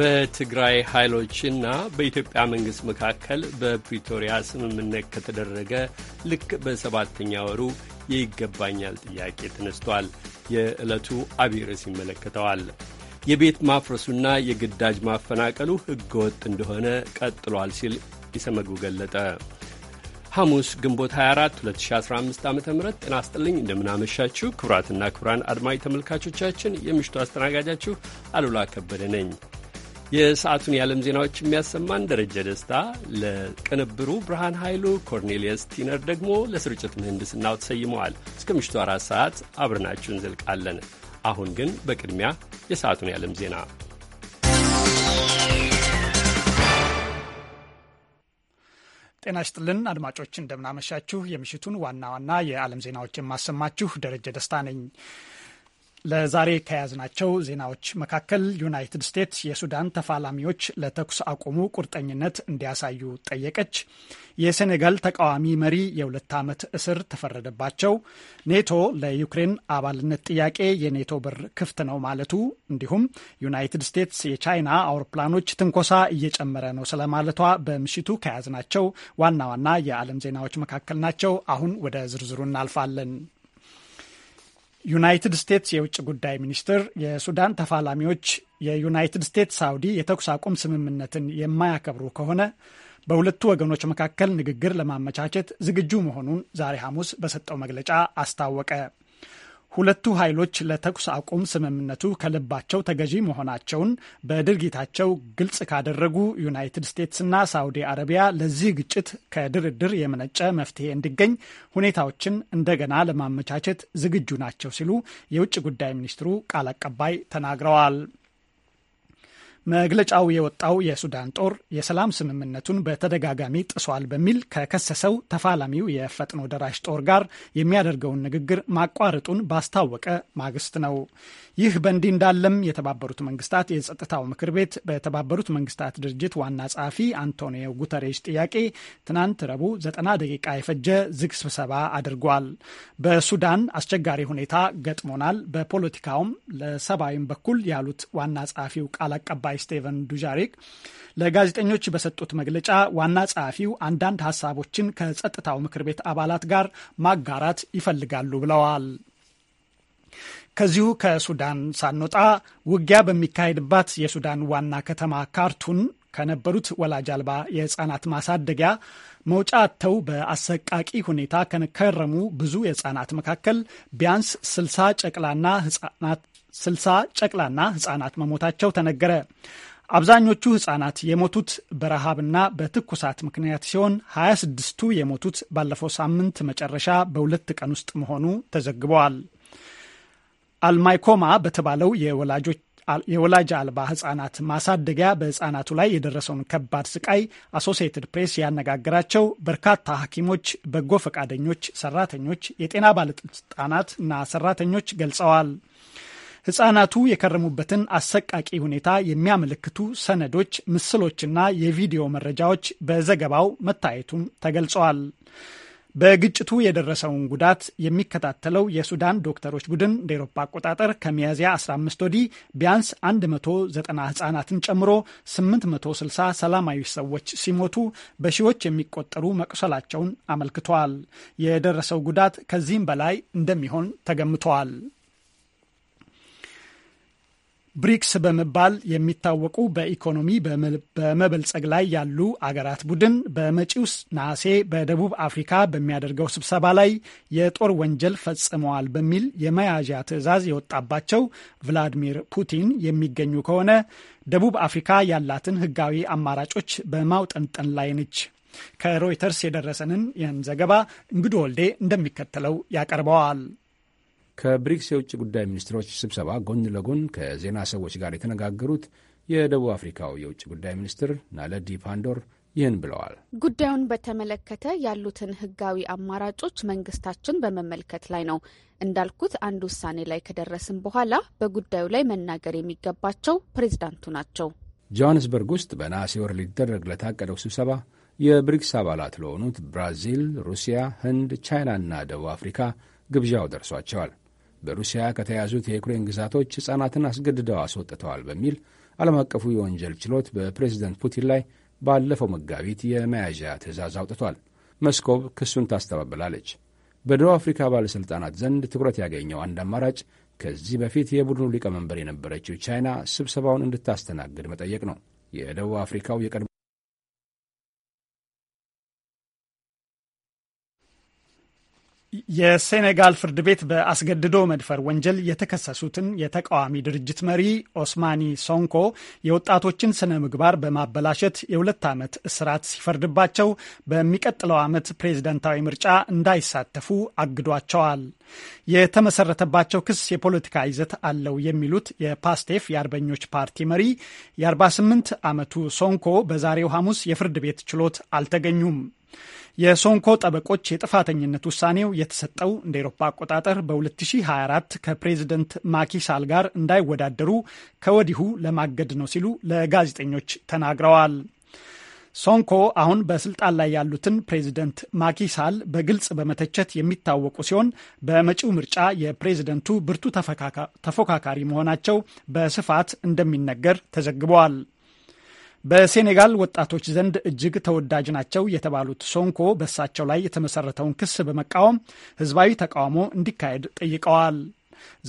በትግራይ ኃይሎችና በኢትዮጵያ መንግሥት መካከል በፕሪቶሪያ ስምምነት ከተደረገ ልክ በሰባተኛ ወሩ የይገባኛል ጥያቄ ተነስቷል። የዕለቱ አብይ ርዕስ ይመለከተዋል። የቤት ማፍረሱና የግዳጅ ማፈናቀሉ ሕገወጥ እንደሆነ ቀጥሏል ሲል ኢሰመጉ ገለጠ። ሐሙስ ግንቦት 24 2015 ዓ ም ጤና ይስጥልኝ። እንደምናመሻችሁ ክቡራትና ክቡራን አድማጭ ተመልካቾቻችን፣ የምሽቱ አስተናጋጃችሁ አሉላ ከበደ ነኝ። የሰዓቱን የዓለም ዜናዎች የሚያሰማን ደረጀ ደስታ፣ ለቅንብሩ ብርሃን ኃይሉ፣ ኮርኔሊየስ ቲነር ደግሞ ለስርጭት ምህንድስናው ተሰይመዋል። እስከ ምሽቱ አራት ሰዓት አብረናችሁ እንዘልቃለን። አሁን ግን በቅድሚያ የሰዓቱን የዓለም ዜና ጤና ይስጥልን አድማጮች፣ እንደምናመሻችሁ። የምሽቱን ዋና ዋና የዓለም ዜናዎች የማሰማችሁ ደረጀ ደስታ ነኝ። ለዛሬ ከያዝናቸው ዜናዎች መካከል ዩናይትድ ስቴትስ የሱዳን ተፋላሚዎች ለተኩስ አቁሙ ቁርጠኝነት እንዲያሳዩ ጠየቀች፣ የሴኔጋል ተቃዋሚ መሪ የሁለት ዓመት እስር ተፈረደባቸው፣ ኔቶ ለዩክሬን አባልነት ጥያቄ የኔቶ በር ክፍት ነው ማለቱ፣ እንዲሁም ዩናይትድ ስቴትስ የቻይና አውሮፕላኖች ትንኮሳ እየጨመረ ነው ስለማለቷ በምሽቱ ከያዝናቸው ዋና ዋና የዓለም ዜናዎች መካከል ናቸው። አሁን ወደ ዝርዝሩ እናልፋለን። ዩናይትድ ስቴትስ የውጭ ጉዳይ ሚኒስትር የሱዳን ተፋላሚዎች የዩናይትድ ስቴትስ ሳውዲ የተኩስ አቁም ስምምነትን የማያከብሩ ከሆነ በሁለቱ ወገኖች መካከል ንግግር ለማመቻቸት ዝግጁ መሆኑን ዛሬ ሐሙስ በሰጠው መግለጫ አስታወቀ። ሁለቱ ኃይሎች ለተኩስ አቁም ስምምነቱ ከልባቸው ተገዢ መሆናቸውን በድርጊታቸው ግልጽ ካደረጉ ዩናይትድ ስቴትስና ሳውዲ አረቢያ ለዚህ ግጭት ከድርድር የመነጨ መፍትሄ እንዲገኝ ሁኔታዎችን እንደገና ለማመቻቸት ዝግጁ ናቸው ሲሉ የውጭ ጉዳይ ሚኒስትሩ ቃል አቀባይ ተናግረዋል። መግለጫው የወጣው የሱዳን ጦር የሰላም ስምምነቱን በተደጋጋሚ ጥሷል በሚል ከከሰሰው ተፋላሚው የፈጥኖ ደራሽ ጦር ጋር የሚያደርገውን ንግግር ማቋረጡን ባስታወቀ ማግስት ነው። ይህ በእንዲህ እንዳለም የተባበሩት መንግስታት የጸጥታው ምክር ቤት በተባበሩት መንግስታት ድርጅት ዋና ጸሐፊ አንቶኒዮ ጉተሬሽ ጥያቄ ትናንት ረቡዕ ዘጠና ደቂቃ የፈጀ ዝግ ስብሰባ አድርጓል። በሱዳን አስቸጋሪ ሁኔታ ገጥሞናል፣ በፖለቲካውም ለሰብአዊም በኩል ያሉት ዋና ጸሐፊው ቃል አቀባይ ተወካይ ስቴቨን ዱጃሪክ ለጋዜጠኞች በሰጡት መግለጫ ዋና ጸሐፊው አንዳንድ ሀሳቦችን ከጸጥታው ምክር ቤት አባላት ጋር ማጋራት ይፈልጋሉ ብለዋል። ከዚሁ ከሱዳን ሳንወጣ ውጊያ በሚካሄድባት የሱዳን ዋና ከተማ ካርቱን ከነበሩት ወላጅ አልባ የህፃናት ማሳደጊያ መውጫ አጥተው በአሰቃቂ ሁኔታ ከከረሙ ብዙ የህፃናት መካከል ቢያንስ ስልሳ ጨቅላና ስልሳ ጨቅላና ህጻናት መሞታቸው ተነገረ። አብዛኞቹ ህጻናት የሞቱት በረሃብና በትኩሳት ምክንያት ሲሆን 26ቱ የሞቱት ባለፈው ሳምንት መጨረሻ በሁለት ቀን ውስጥ መሆኑ ተዘግበዋል። አልማይኮማ በተባለው የወላጆች የወላጅ አልባ ህጻናት ማሳደጊያ በህጻናቱ ላይ የደረሰውን ከባድ ስቃይ አሶሲየትድ ፕሬስ ያነጋገራቸው በርካታ ሐኪሞች፣ በጎ ፈቃደኞች፣ ሰራተኞች፣ የጤና ባለስልጣናት እና ሰራተኞች ገልጸዋል። ህጻናቱ የከረሙበትን አሰቃቂ ሁኔታ የሚያመለክቱ ሰነዶች፣ ምስሎችና የቪዲዮ መረጃዎች በዘገባው መታየቱም ተገልጸዋል። በግጭቱ የደረሰውን ጉዳት የሚከታተለው የሱዳን ዶክተሮች ቡድን እንደ ኤሮፓ አቆጣጠር ከሚያዝያ 15 ወዲህ ቢያንስ 190 ህጻናትን ጨምሮ 860 ሰላማዊ ሰዎች ሲሞቱ በሺዎች የሚቆጠሩ መቁሰላቸውን አመልክተዋል። የደረሰው ጉዳት ከዚህም በላይ እንደሚሆን ተገምተዋል። ብሪክስ በመባል የሚታወቁ በኢኮኖሚ በመበልጸግ ላይ ያሉ አገራት ቡድን በመጪው ነሐሴ በደቡብ አፍሪካ በሚያደርገው ስብሰባ ላይ የጦር ወንጀል ፈጽመዋል በሚል የመያዣ ትዕዛዝ የወጣባቸው ቭላዲሚር ፑቲን የሚገኙ ከሆነ ደቡብ አፍሪካ ያላትን ሕጋዊ አማራጮች በማውጠንጠን ላይ ነች። ከሮይተርስ የደረሰንን ይህን ዘገባ እንግዶ ወልዴ እንደሚከተለው ያቀርበዋል። ከብሪክስ የውጭ ጉዳይ ሚኒስትሮች ስብሰባ ጎን ለጎን ከዜና ሰዎች ጋር የተነጋገሩት የደቡብ አፍሪካው የውጭ ጉዳይ ሚኒስትር ናለዲ ፓንዶር ይህን ብለዋል። ጉዳዩን በተመለከተ ያሉትን ሕጋዊ አማራጮች መንግስታችን በመመልከት ላይ ነው። እንዳልኩት አንድ ውሳኔ ላይ ከደረስን በኋላ በጉዳዩ ላይ መናገር የሚገባቸው ፕሬዝዳንቱ ናቸው። ጆሃንስበርግ ውስጥ በነሐሴ ወር ሊደረግ ለታቀደው ስብሰባ የብሪክስ አባላት ለሆኑት ብራዚል፣ ሩሲያ፣ ህንድ፣ ቻይና እና ደቡብ አፍሪካ ግብዣው ደርሷቸዋል። በሩሲያ ከተያዙት የዩክሬን ግዛቶች ሕፃናትን አስገድደው አስወጥተዋል በሚል ዓለም አቀፉ የወንጀል ችሎት በፕሬዝደንት ፑቲን ላይ ባለፈው መጋቢት የመያዣ ትዕዛዝ አውጥቷል። መስኮብ ክሱን ታስተባብላለች። በደቡብ አፍሪካ ባለሥልጣናት ዘንድ ትኩረት ያገኘው አንድ አማራጭ ከዚህ በፊት የቡድኑ ሊቀመንበር የነበረችው ቻይና ስብሰባውን እንድታስተናግድ መጠየቅ ነው። የደቡብ አፍሪካው የቀድሞ የሴኔጋል ፍርድ ቤት በአስገድዶ መድፈር ወንጀል የተከሰሱትን የተቃዋሚ ድርጅት መሪ ኦስማኒ ሶንኮ የወጣቶችን ስነ ምግባር በማበላሸት የሁለት ዓመት እስራት ሲፈርድባቸው በሚቀጥለው ዓመት ፕሬዝደንታዊ ምርጫ እንዳይሳተፉ አግዷቸዋል። የተመሰረተባቸው ክስ የፖለቲካ ይዘት አለው የሚሉት የፓስቴፍ የአርበኞች ፓርቲ መሪ የ48 ዓመቱ ሶንኮ በዛሬው ሐሙስ የፍርድ ቤት ችሎት አልተገኙም። የሶንኮ ጠበቆች የጥፋተኝነት ውሳኔው የተሰጠው እንደ ኤሮፓ አቆጣጠር በ2024 ከፕሬዝደንት ማኪሳል ጋር እንዳይወዳደሩ ከወዲሁ ለማገድ ነው ሲሉ ለጋዜጠኞች ተናግረዋል። ሶንኮ አሁን በስልጣን ላይ ያሉትን ፕሬዚደንት ማኪሳል በግልጽ በመተቸት የሚታወቁ ሲሆን በመጪው ምርጫ የፕሬዝደንቱ ብርቱ ተፎካካሪ መሆናቸው በስፋት እንደሚነገር ተዘግበዋል። በሴኔጋል ወጣቶች ዘንድ እጅግ ተወዳጅ ናቸው የተባሉት ሶንኮ በእሳቸው ላይ የተመሰረተውን ክስ በመቃወም ህዝባዊ ተቃውሞ እንዲካሄድ ጠይቀዋል።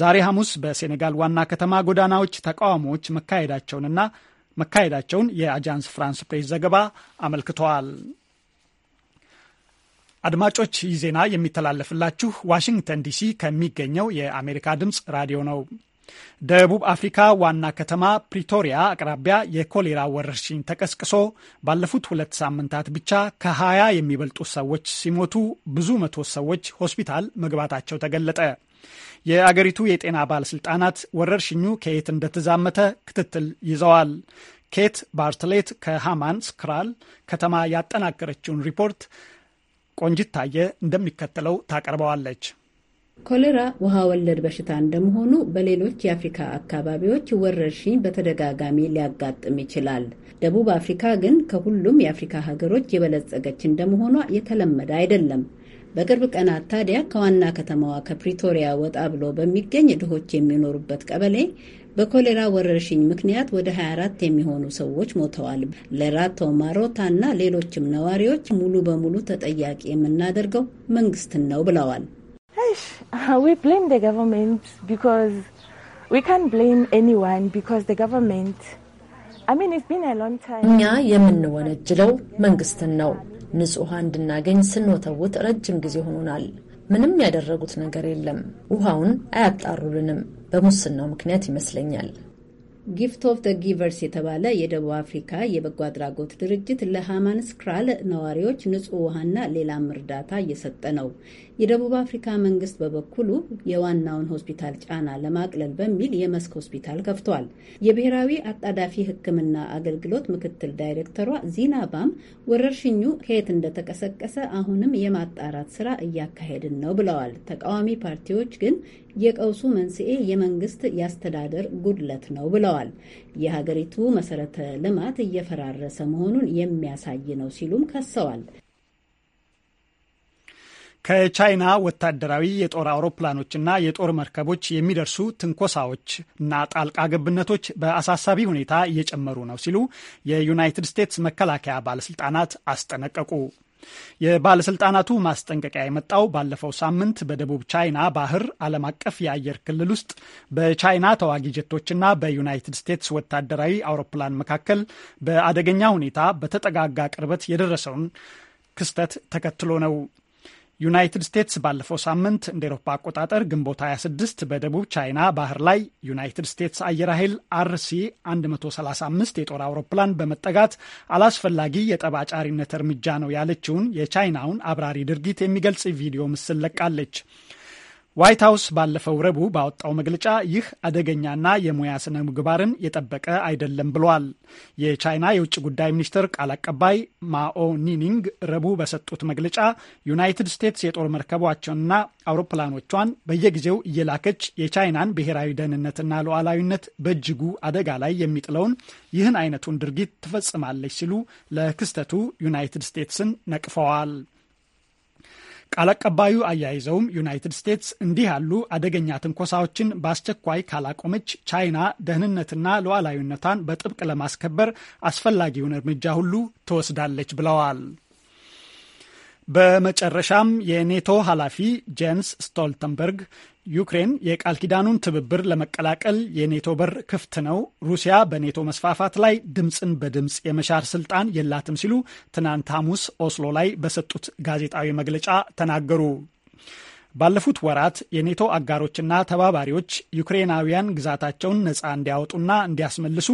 ዛሬ ሐሙስ በሴኔጋል ዋና ከተማ ጎዳናዎች ተቃውሞዎች መካሄዳቸውንና መካሄዳቸውን የአጃንስ ፍራንስ ፕሬስ ዘገባ አመልክተዋል። አድማጮች ይህ ዜና የሚተላለፍላችሁ ዋሽንግተን ዲሲ ከሚገኘው የአሜሪካ ድምፅ ራዲዮ ነው። ደቡብ አፍሪካ ዋና ከተማ ፕሪቶሪያ አቅራቢያ የኮሌራ ወረርሽኝ ተቀስቅሶ ባለፉት ሁለት ሳምንታት ብቻ ከ20 የሚበልጡ ሰዎች ሲሞቱ ብዙ መቶ ሰዎች ሆስፒታል መግባታቸው ተገለጠ። የአገሪቱ የጤና ባለስልጣናት ወረርሽኙ ከየት እንደተዛመተ ክትትል ይዘዋል። ኬት ባርትሌት ከሃማን ስክራል ከተማ ያጠናቀረችውን ሪፖርት ቆንጅት ታየ እንደሚከተለው ታቀርበዋለች። ኮሌራ ውሃ ወለድ በሽታ እንደመሆኑ በሌሎች የአፍሪካ አካባቢዎች ወረርሽኝ በተደጋጋሚ ሊያጋጥም ይችላል። ደቡብ አፍሪካ ግን ከሁሉም የአፍሪካ ሀገሮች የበለጸገች እንደመሆኗ የተለመደ አይደለም። በቅርብ ቀናት ታዲያ ከዋና ከተማዋ ከፕሪቶሪያ ወጣ ብሎ በሚገኝ ድሆች የሚኖሩበት ቀበሌ በኮሌራ ወረርሽኝ ምክንያት ወደ 24 የሚሆኑ ሰዎች ሞተዋል። ለራቶ ማሮታ እና ሌሎችም ነዋሪዎች ሙሉ በሙሉ ተጠያቂ የምናደርገው መንግስትን ነው ብለዋል። We blame the government because we can't blame anyone because the government እኛ የምንወነጅለው መንግስትን ነው። ንጹህ ውሃ እንድናገኝ ስንወተውት ረጅም ጊዜ ሆኖናል። ምንም ያደረጉት ነገር የለም። ውሃውን አያጣሩልንም። በሙስናው ምክንያት ይመስለኛል። ጊፍት ኦፍ ደ ጊቨርስ የተባለ የደቡብ አፍሪካ የበጎ አድራጎት ድርጅት ለሃማንስክራል ነዋሪዎች ንጹህ ውሃና ሌላም እርዳታ እየሰጠ ነው። የደቡብ አፍሪካ መንግስት በበኩሉ የዋናውን ሆስፒታል ጫና ለማቅለል በሚል የመስክ ሆስፒታል ከፍቷል። የብሔራዊ አጣዳፊ ሕክምና አገልግሎት ምክትል ዳይሬክተሯ ዚና ባም ወረርሽኙ ከየት እንደተቀሰቀሰ አሁንም የማጣራት ስራ እያካሄድን ነው ብለዋል። ተቃዋሚ ፓርቲዎች ግን የቀውሱ መንስኤ የመንግስት የአስተዳደር ጉድለት ነው ብለዋል። የሀገሪቱ መሰረተ ልማት እየፈራረሰ መሆኑን የሚያሳይ ነው ሲሉም ከሰዋል። ከቻይና ወታደራዊ የጦር አውሮፕላኖችና የጦር መርከቦች የሚደርሱ ትንኮሳዎች እና ጣልቃ ገብነቶች በአሳሳቢ ሁኔታ እየጨመሩ ነው ሲሉ የዩናይትድ ስቴትስ መከላከያ ባለስልጣናት አስጠነቀቁ። የባለስልጣናቱ ማስጠንቀቂያ የመጣው ባለፈው ሳምንት በደቡብ ቻይና ባህር ዓለም አቀፍ የአየር ክልል ውስጥ በቻይና ተዋጊ ጀቶችና በዩናይትድ ስቴትስ ወታደራዊ አውሮፕላን መካከል በአደገኛ ሁኔታ በተጠጋጋ ቅርበት የደረሰውን ክስተት ተከትሎ ነው። ዩናይትድ ስቴትስ ባለፈው ሳምንት እንደ ኤሮፓ አቆጣጠር ግንቦት 26 በደቡብ ቻይና ባህር ላይ ዩናይትድ ስቴትስ አየር ኃይል አርሲ 135 የጦር አውሮፕላን በመጠጋት አላስፈላጊ የጠባጫሪነት እርምጃ ነው ያለችውን የቻይናውን አብራሪ ድርጊት የሚገልጽ ቪዲዮ ምስል ለቃለች። ዋይት ሀውስ ባለፈው ረቡዕ ባወጣው መግለጫ ይህ አደገኛና የሙያ ስነ ምግባርን የጠበቀ አይደለም ብሏል። የቻይና የውጭ ጉዳይ ሚኒስትር ቃል አቀባይ ማኦ ኒኒንግ ረቡዕ በሰጡት መግለጫ ዩናይትድ ስቴትስ የጦር መርከቧቸውንና አውሮፕላኖቿን በየጊዜው እየላከች የቻይናን ብሔራዊ ደህንነትና ሉዓላዊነት በእጅጉ አደጋ ላይ የሚጥለውን ይህን አይነቱን ድርጊት ትፈጽማለች ሲሉ ለክስተቱ ዩናይትድ ስቴትስን ነቅፈዋል። ቃል አቀባዩ አያይዘውም ዩናይትድ ስቴትስ እንዲህ ያሉ አደገኛ ትንኮሳዎችን በአስቸኳይ ካላቆመች ቻይና ደህንነትና ሉዓላዊነቷን በጥብቅ ለማስከበር አስፈላጊውን እርምጃ ሁሉ ትወስዳለች ብለዋል። በመጨረሻም የኔቶ ኃላፊ ጄንስ ስቶልተንበርግ ዩክሬን የቃል ኪዳኑን ትብብር ለመቀላቀል የኔቶ በር ክፍት ነው፣ ሩሲያ በኔቶ መስፋፋት ላይ ድምፅን በድምፅ የመሻር ስልጣን የላትም ሲሉ ትናንት ሐሙስ ኦስሎ ላይ በሰጡት ጋዜጣዊ መግለጫ ተናገሩ። ባለፉት ወራት የኔቶ አጋሮችና ተባባሪዎች ዩክሬናውያን ግዛታቸውን ነፃ እንዲያወጡና እንዲያስመልሱ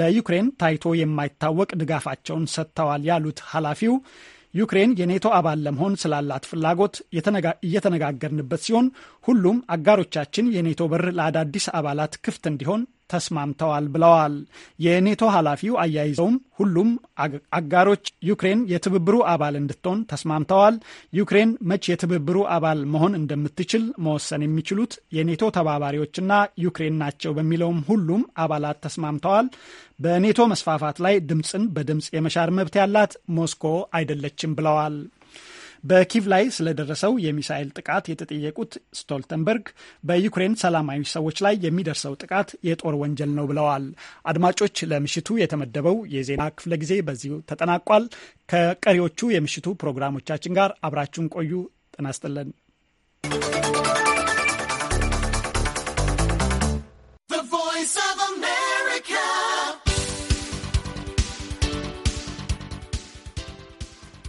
ለዩክሬን ታይቶ የማይታወቅ ድጋፋቸውን ሰጥተዋል ያሉት ኃላፊው ዩክሬን የኔቶ አባል ለመሆን ስላላት ፍላጎት እየተነጋገርንበት ሲሆን ሁሉም አጋሮቻችን የኔቶ በር ለአዳዲስ አባላት ክፍት እንዲሆን ተስማምተዋል ብለዋል። የኔቶ ኃላፊው አያይዘውም ሁሉም አጋሮች ዩክሬን የትብብሩ አባል እንድትሆን ተስማምተዋል። ዩክሬን መች የትብብሩ አባል መሆን እንደምትችል መወሰን የሚችሉት የኔቶ ተባባሪዎችና ዩክሬን ናቸው በሚለውም ሁሉም አባላት ተስማምተዋል። በኔቶ መስፋፋት ላይ ድምፅን በድምፅ የመሻር መብት ያላት ሞስኮ አይደለችም ብለዋል። በኪቭ ላይ ስለደረሰው የሚሳኤል ጥቃት የተጠየቁት ስቶልተንበርግ በዩክሬን ሰላማዊ ሰዎች ላይ የሚደርሰው ጥቃት የጦር ወንጀል ነው ብለዋል። አድማጮች፣ ለምሽቱ የተመደበው የዜና ክፍለ ጊዜ በዚሁ ተጠናቋል። ከቀሪዎቹ የምሽቱ ፕሮግራሞቻችን ጋር አብራችሁን ቆዩ። ጤና ይስጥልን።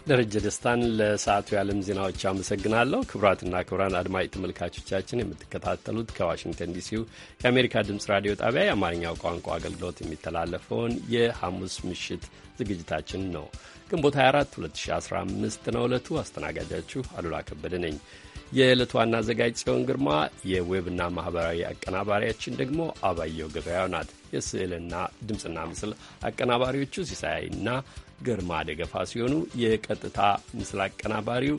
ደረጀ ደስታን ለሰዓቱ የዓለም ዜናዎች አመሰግናለሁ። ክቡራትና ክቡራን አድማጭ ተመልካቾቻችን የምትከታተሉት ከዋሽንግተን ዲሲው የአሜሪካ ድምፅ ራዲዮ ጣቢያ የአማርኛው ቋንቋ አገልግሎት የሚተላለፈውን የሐሙስ ምሽት ዝግጅታችን ነው። ግንቦት 24 2015 ነው ዕለቱ። አስተናጋጃችሁ አሉላ ከበደ ነኝ። የዕለቱ ዋና አዘጋጅ ጽዮን ግርማ፣ የዌብና ማኅበራዊ አቀናባሪያችን ደግሞ አባየው ገበያው ናት። የስዕልና ድምፅና ምስል አቀናባሪዎቹ ሲሳይና ግርማ ደገፋ ሲሆኑ የቀጥታ ምስል አቀናባሪው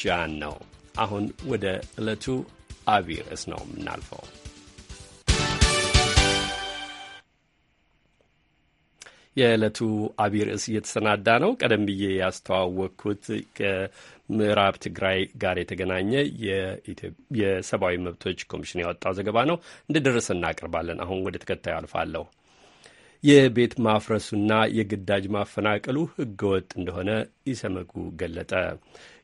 ጃን ነው። አሁን ወደ ዕለቱ አብይ ርዕስ ነው የምናልፈው። የዕለቱ አብይ ርዕስ እየተሰናዳ ነው። ቀደም ብዬ ያስተዋወቅኩት ከምዕራብ ትግራይ ጋር የተገናኘ የሰብአዊ መብቶች ኮሚሽን ያወጣው ዘገባ ነው። እንደደረሰ እናቀርባለን። አሁን ወደ ተከታዩ አልፋለሁ። የቤት ማፍረሱና የግዳጅ ማፈናቀሉ ህገወጥ እንደሆነ ኢሰመጉ ገለጠ።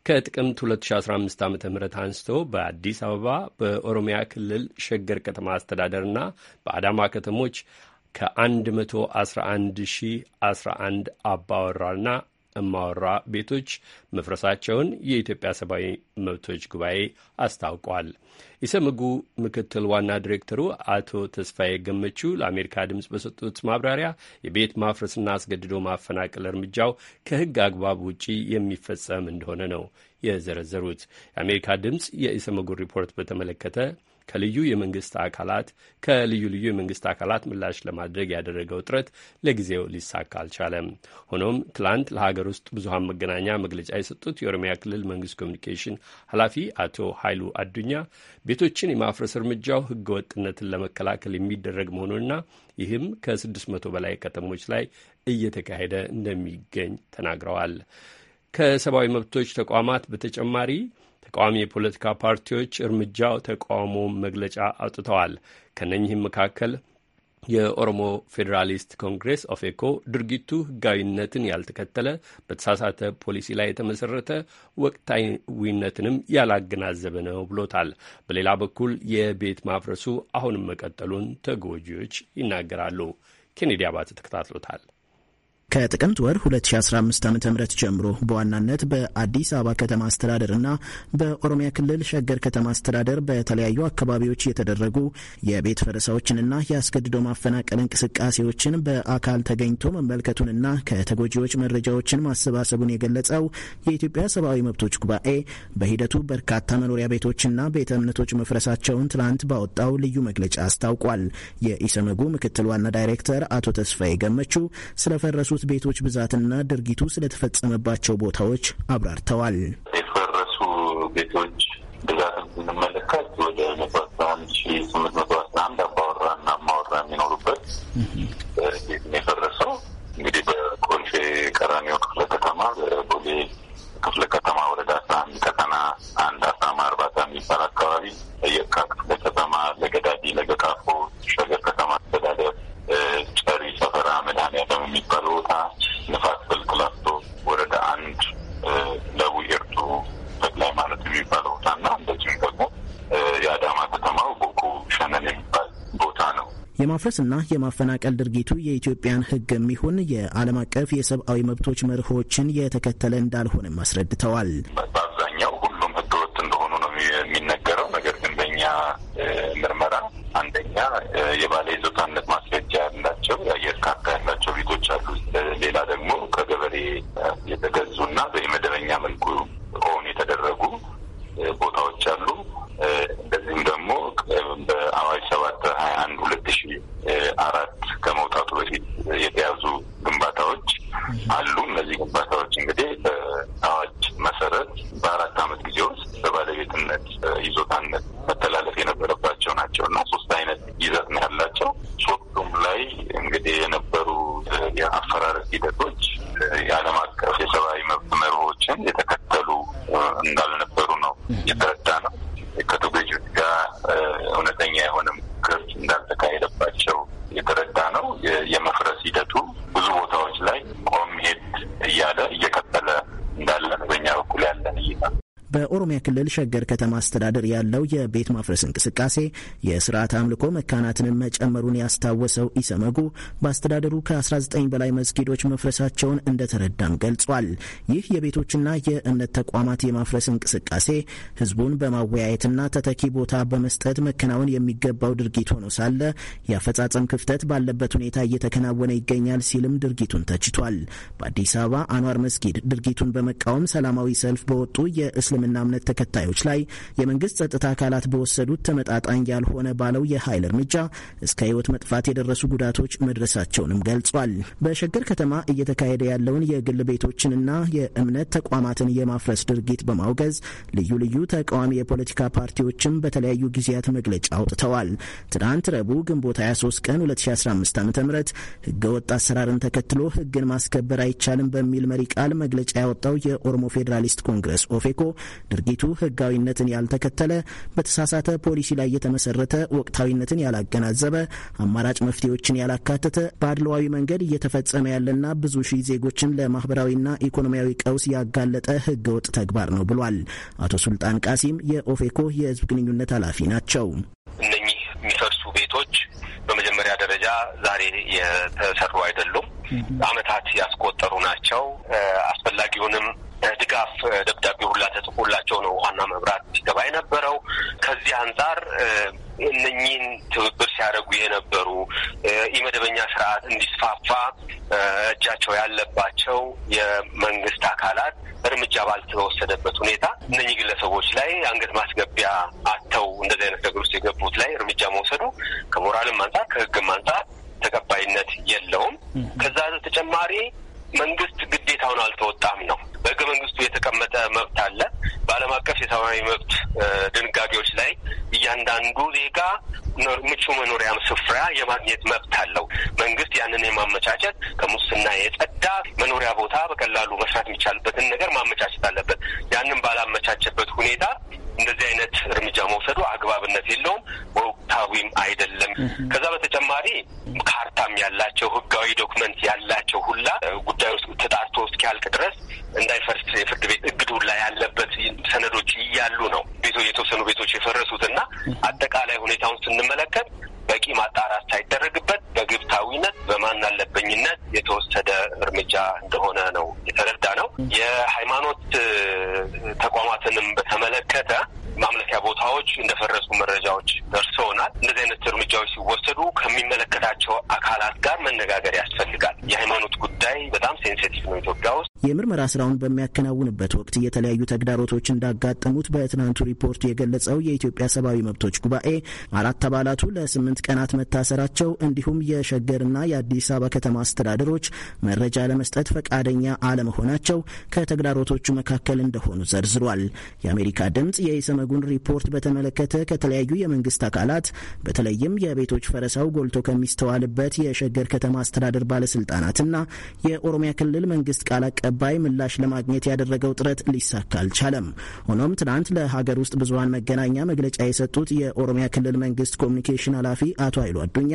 ከጥቅምት 2015 ዓ ም አንስቶ በአዲስ አበባ በኦሮሚያ ክልል ሸገር ከተማ አስተዳደርና በአዳማ ከተሞች ከ111011 አባወራና እማወራ ቤቶች መፍረሳቸውን የኢትዮጵያ ሰብአዊ መብቶች ጉባኤ አስታውቋል። ኢሰመጉ ምክትል ዋና ዲሬክተሩ አቶ ተስፋዬ ገመቹ ለአሜሪካ ድምፅ በሰጡት ማብራሪያ የቤት ማፍረስና አስገድዶ ማፈናቀል እርምጃው ከሕግ አግባብ ውጪ የሚፈጸም እንደሆነ ነው የዘረዘሩት። የአሜሪካ ድምፅ የኢሰመጉ ሪፖርት በተመለከተ ከልዩ የመንግስት አካላት ከልዩ ልዩ የመንግስት አካላት ምላሽ ለማድረግ ያደረገው ጥረት ለጊዜው ሊሳካ አልቻለም። ሆኖም ትላንት ለሀገር ውስጥ ብዙሀን መገናኛ መግለጫ የሰጡት የኦሮሚያ ክልል መንግስት ኮሚኒኬሽን ኃላፊ አቶ ኃይሉ አዱኛ ቤቶችን የማፍረስ እርምጃው ህገወጥነትን ለመከላከል የሚደረግ መሆኑንና ይህም ከስድስት መቶ በላይ ከተሞች ላይ እየተካሄደ እንደሚገኝ ተናግረዋል። ከሰብአዊ መብቶች ተቋማት በተጨማሪ ተቃዋሚ የፖለቲካ ፓርቲዎች እርምጃው ተቃውሞ መግለጫ አውጥተዋል። ከነኚህም መካከል የኦሮሞ ፌዴራሊስት ኮንግሬስ ኦፌኮ ድርጊቱ ሕጋዊነትን ያልተከተለ በተሳሳተ ፖሊሲ ላይ የተመሰረተ ወቅታዊነትንም ያላገናዘበ ነው ብሎታል። በሌላ በኩል የቤት ማፍረሱ አሁንም መቀጠሉን ተጎጂዎች ይናገራሉ። ኬኔዲ አባተ ተከታትሎታል። ከጥቅምት ወር 2015 ዓ ም ጀምሮ በዋናነት በአዲስ አበባ ከተማ አስተዳደር እና በኦሮሚያ ክልል ሸገር ከተማ አስተዳደር በተለያዩ አካባቢዎች የተደረጉ የቤት ፈረሳዎችንና የአስገድዶ ማፈናቀል እንቅስቃሴዎችን በአካል ተገኝቶ መመልከቱንና ከተጎጂዎች መረጃዎችን ማሰባሰቡን የገለጸው የኢትዮጵያ ሰብአዊ መብቶች ጉባኤ በሂደቱ በርካታ መኖሪያ ቤቶችና ቤተ እምነቶች መፍረሳቸውን ትናንት ባወጣው ልዩ መግለጫ አስታውቋል። የኢሰመጉ ምክትል ዋና ዳይሬክተር አቶ ተስፋዬ ገመቹ ስለፈረሱት የፈረሱት ቤቶች ብዛትና ድርጊቱ ስለተፈጸመባቸው ቦታዎች አብራርተዋል። የፈረሱ ቤቶች ብዛትን ስንመለከት ወደ መቶ አንድ ሺ ስምንት መቶ አስራ አንድ አባወራ አባወራና አማወራ የሚኖሩበት የፈረሰው እንግዲህ በኮልፌ ቀራኒዮ ክፍለ ከተማ በቦሌ ክፍለ ከተማ ወረዳ አስራ አንድ ቀጠና አንድ አሳማ እርባታ የሚባል አካባቢ የካ ክፍለ ከተማ ለገዳዲ ለገቃፎ ሸገር ከተማ የሚባል ቦታ ንፋስ ስልክ ወረደ አንድ ለቡ ኤርቱ ጠቅላይ ማለት የሚባል ቦታ እና እንደዚሁም ደግሞ የአዳማ ከተማው ቦኩ ሸነን የሚባል ቦታ ነው። የማፍረስና የማፈናቀል ድርጊቱ የኢትዮጵያን ሕግ የሚሆን የዓለም አቀፍ የሰብአዊ መብቶች መርሆችን የተከተለ እንዳልሆነም አስረድተዋል። በአብዛኛው ሁሉም ሕገወጥ እንደሆኑ ነው የሚነገረው። ነገር ግን በእኛ ምርመራ አንደኛ የባለ ይዞታነት ማስረጃ ያላቸው የአየር ሰዎች አሉ። ሌላ ደግሞ ከገበሬ የተገዙ እና በመደበኛ መልኩ ኦን የተደረጉ ቦታዎች አሉ። እንደዚህም ደግሞ በአዋጅ ሰባት ሀያ አንድ ሁለት ሺ አራት ከመውጣቱ በፊት የተያዙ ግንባታዎች አሉ። እነዚህ ግንባታዎች እንግዲህ በአዋጅ መሰረት በአራት ዓመት ጊዜ ውስጥ በባለቤትነት ይዞታነት መተላለፍ የነበረባቸው ናቸው እና ሶስት አይነት ይዘት ነው ያላቸው ሶስቱም ላይ እንግዲህ የነበሩ የአፈራረስ ሂደቶች የዓለም አቀፍ የሰብአዊ መብት መርሆችን የተከተሉ እንዳልነበሩ ነው በኦሮሚያ ክልል ሸገር ከተማ አስተዳደር ያለው የቤት ማፍረስ እንቅስቃሴ የስርዓት አምልኮ መካናትንም መጨመሩን ያስታወሰው ኢሰመጉ በአስተዳደሩ ከ19 በላይ መስጊዶች መፍረሳቸውን እንደተረዳም ገልጿል። ይህ የቤቶችና የእምነት ተቋማት የማፍረስ እንቅስቃሴ ህዝቡን በማወያየትና ተተኪ ቦታ በመስጠት መከናወን የሚገባው ድርጊት ሆኖ ሳለ የአፈጻጸም ክፍተት ባለበት ሁኔታ እየተከናወነ ይገኛል ሲልም ድርጊቱን ተችቷል። በአዲስ አበባ አኗር መስጊድ ድርጊቱን በመቃወም ሰላማዊ ሰልፍ በወጡ የእስልምና እምነት ተከታዮች ላይ የመንግስት ጸጥታ አካላት በወሰዱት ተመጣጣኝ ያልሆነ ባለው የኃይል እርምጃ እስከ ህይወት መጥፋት የደረሱ ጉዳቶች መድረሳቸውንም ገልጿል። በሸገር ከተማ እየተካሄደ ያለውን የግል ቤቶችንና የእምነት ተቋማትን የማፍረስ ድርጊት በማውገዝ ልዩ ልዩ ተቃዋሚ የፖለቲካ ፓርቲዎችም በተለያዩ ጊዜያት መግለጫ አውጥተዋል። ትናንት ረቡዕ ግንቦት 23 ቀን 2015 ዓ ም ህገወጥ አሰራርን ተከትሎ ህግን ማስከበር አይቻልም በሚል መሪ ቃል መግለጫ ያወጣው የኦሮሞ ፌዴራሊስት ኮንግረስ ኦፌኮ ድርጊ ድርጊቱ ህጋዊነትን ያልተከተለ፣ በተሳሳተ ፖሊሲ ላይ የተመሰረተ፣ ወቅታዊነትን ያላገናዘበ፣ አማራጭ መፍትሄዎችን ያላካተተ፣ በአድለዋዊ መንገድ እየተፈጸመ ያለና ብዙ ሺህ ዜጎችን ለማህበራዊና ኢኮኖሚያዊ ቀውስ ያጋለጠ ህገወጥ ተግባር ነው ብሏል። አቶ ሱልጣን ቃሲም የኦፌኮ የህዝብ ግንኙነት ኃላፊ ናቸው። እነኚህ የሚፈርሱ ቤቶች በመጀመሪያ ደረጃ ዛሬ የተሰሩ አይደሉም፣ አመታት ያስቆጠሩ ናቸው። አስፈላጊውንም ድጋፍ ደብዳቤ ሁላ ተጽፎላቸው ነው ዋና መብራት ሲገባ የነበረው። ከዚህ አንጻር እነኚህን ትብብር ሲያደርጉ የነበሩ ኢመደበኛ ስርዓት እንዲስፋፋ እጃቸው ያለባቸው የመንግስት አካላት እርምጃ ባልተወሰደበት ሁኔታ እነኚህ ግለሰቦች ላይ አንገት ማስገቢያ አተው እንደዚህ አይነት ነገር ውስጥ የገቡት ላይ እርምጃ መውሰዱ ከሞራልም አንጻር ከህግም አንጻር ተቀባይነት የለውም። ከዛ ተጨማሪ መንግስት ግዴታውን አልተወጣም ነው። በህገ መንግስቱ የተቀመጠ መብት አለ። በዓለም አቀፍ የሰብአዊ መብት ድንጋጌዎች ላይ እያንዳንዱ ዜጋ ምቹ መኖሪያ ስፍራ የማግኘት መብት አለው። መንግስት ያንን የማመቻቸት ከሙስና የጸዳ መኖሪያ ቦታ በቀላሉ መስራት የሚቻልበትን ነገር ማመቻቸት አለበት። ያንን ባላመቻቸበት ሁኔታ እንደዚህ አይነት እርምጃ መውሰዱ አግባብነት የለውም፣ ወቅታዊም አይደለም። ከዛ በተጨማሪ ካርታም ያላቸው ህጋዊ ዶክመንት ያላቸው ሁላ ጉዳዩ ተጣርቶ እስኪያልቅ ድረስ እንዳይፈርስ የፍርድ ቤት እግድ ሁላ ያለበት ሰነዶች እያሉ ነው ቤቶ የተወሰኑ ቤቶች የፈረሱት እና አጠቃላይ ሁኔታውን ስንመለከት በቂ ማጣራት ሳይደረግበት በግብታዊነት በማን አለበኝነት የተወሰደ እርምጃ እንደሆነ ነው የተረዳ ነው። የሃይማኖት ተቋማትንም በተመለከተ ማምለኪያ ቦታዎች እንደፈረሱ መረጃዎች ደርሰውናል። እንደዚህ አይነት እርምጃዎች ሲወሰዱ ከሚመለከታቸው አካላት ጋር መነጋገር ያስፈልጋል። የሃይማኖት ጉዳይ በጣም ሴንሴቲቭ ነው ኢትዮጵያ ውስጥ። የምርመራ ስራውን በሚያከናውንበት ወቅት የተለያዩ ተግዳሮቶች እንዳጋጠሙት በትናንቱ ሪፖርት የገለጸው የኢትዮጵያ ሰብአዊ መብቶች ጉባኤ አራት አባላቱ ለስምንት ቀናት መታሰራቸው እንዲሁም የሸገርና የአዲስ አበባ ከተማ አስተዳደሮች መረጃ ለመስጠት ፈቃደኛ አለመሆናቸው ከተግዳሮቶቹ መካከል እንደሆኑ ዘርዝሯል። የአሜሪካ ድምጽ የኢሰመ የሰመጉን ሪፖርት በተመለከተ ከተለያዩ የመንግስት አካላት በተለይም የቤቶች ፈረሳው ጎልቶ ከሚስተዋልበት የሸገር ከተማ አስተዳደር ባለስልጣናትና የኦሮሚያ ክልል መንግስት ቃል አቀባይ ምላሽ ለማግኘት ያደረገው ጥረት ሊሳካ አልቻለም። ሆኖም ትናንት ለሀገር ውስጥ ብዙሀን መገናኛ መግለጫ የሰጡት የኦሮሚያ ክልል መንግስት ኮሚኒኬሽን ኃላፊ አቶ ኃይሉ አዱኛ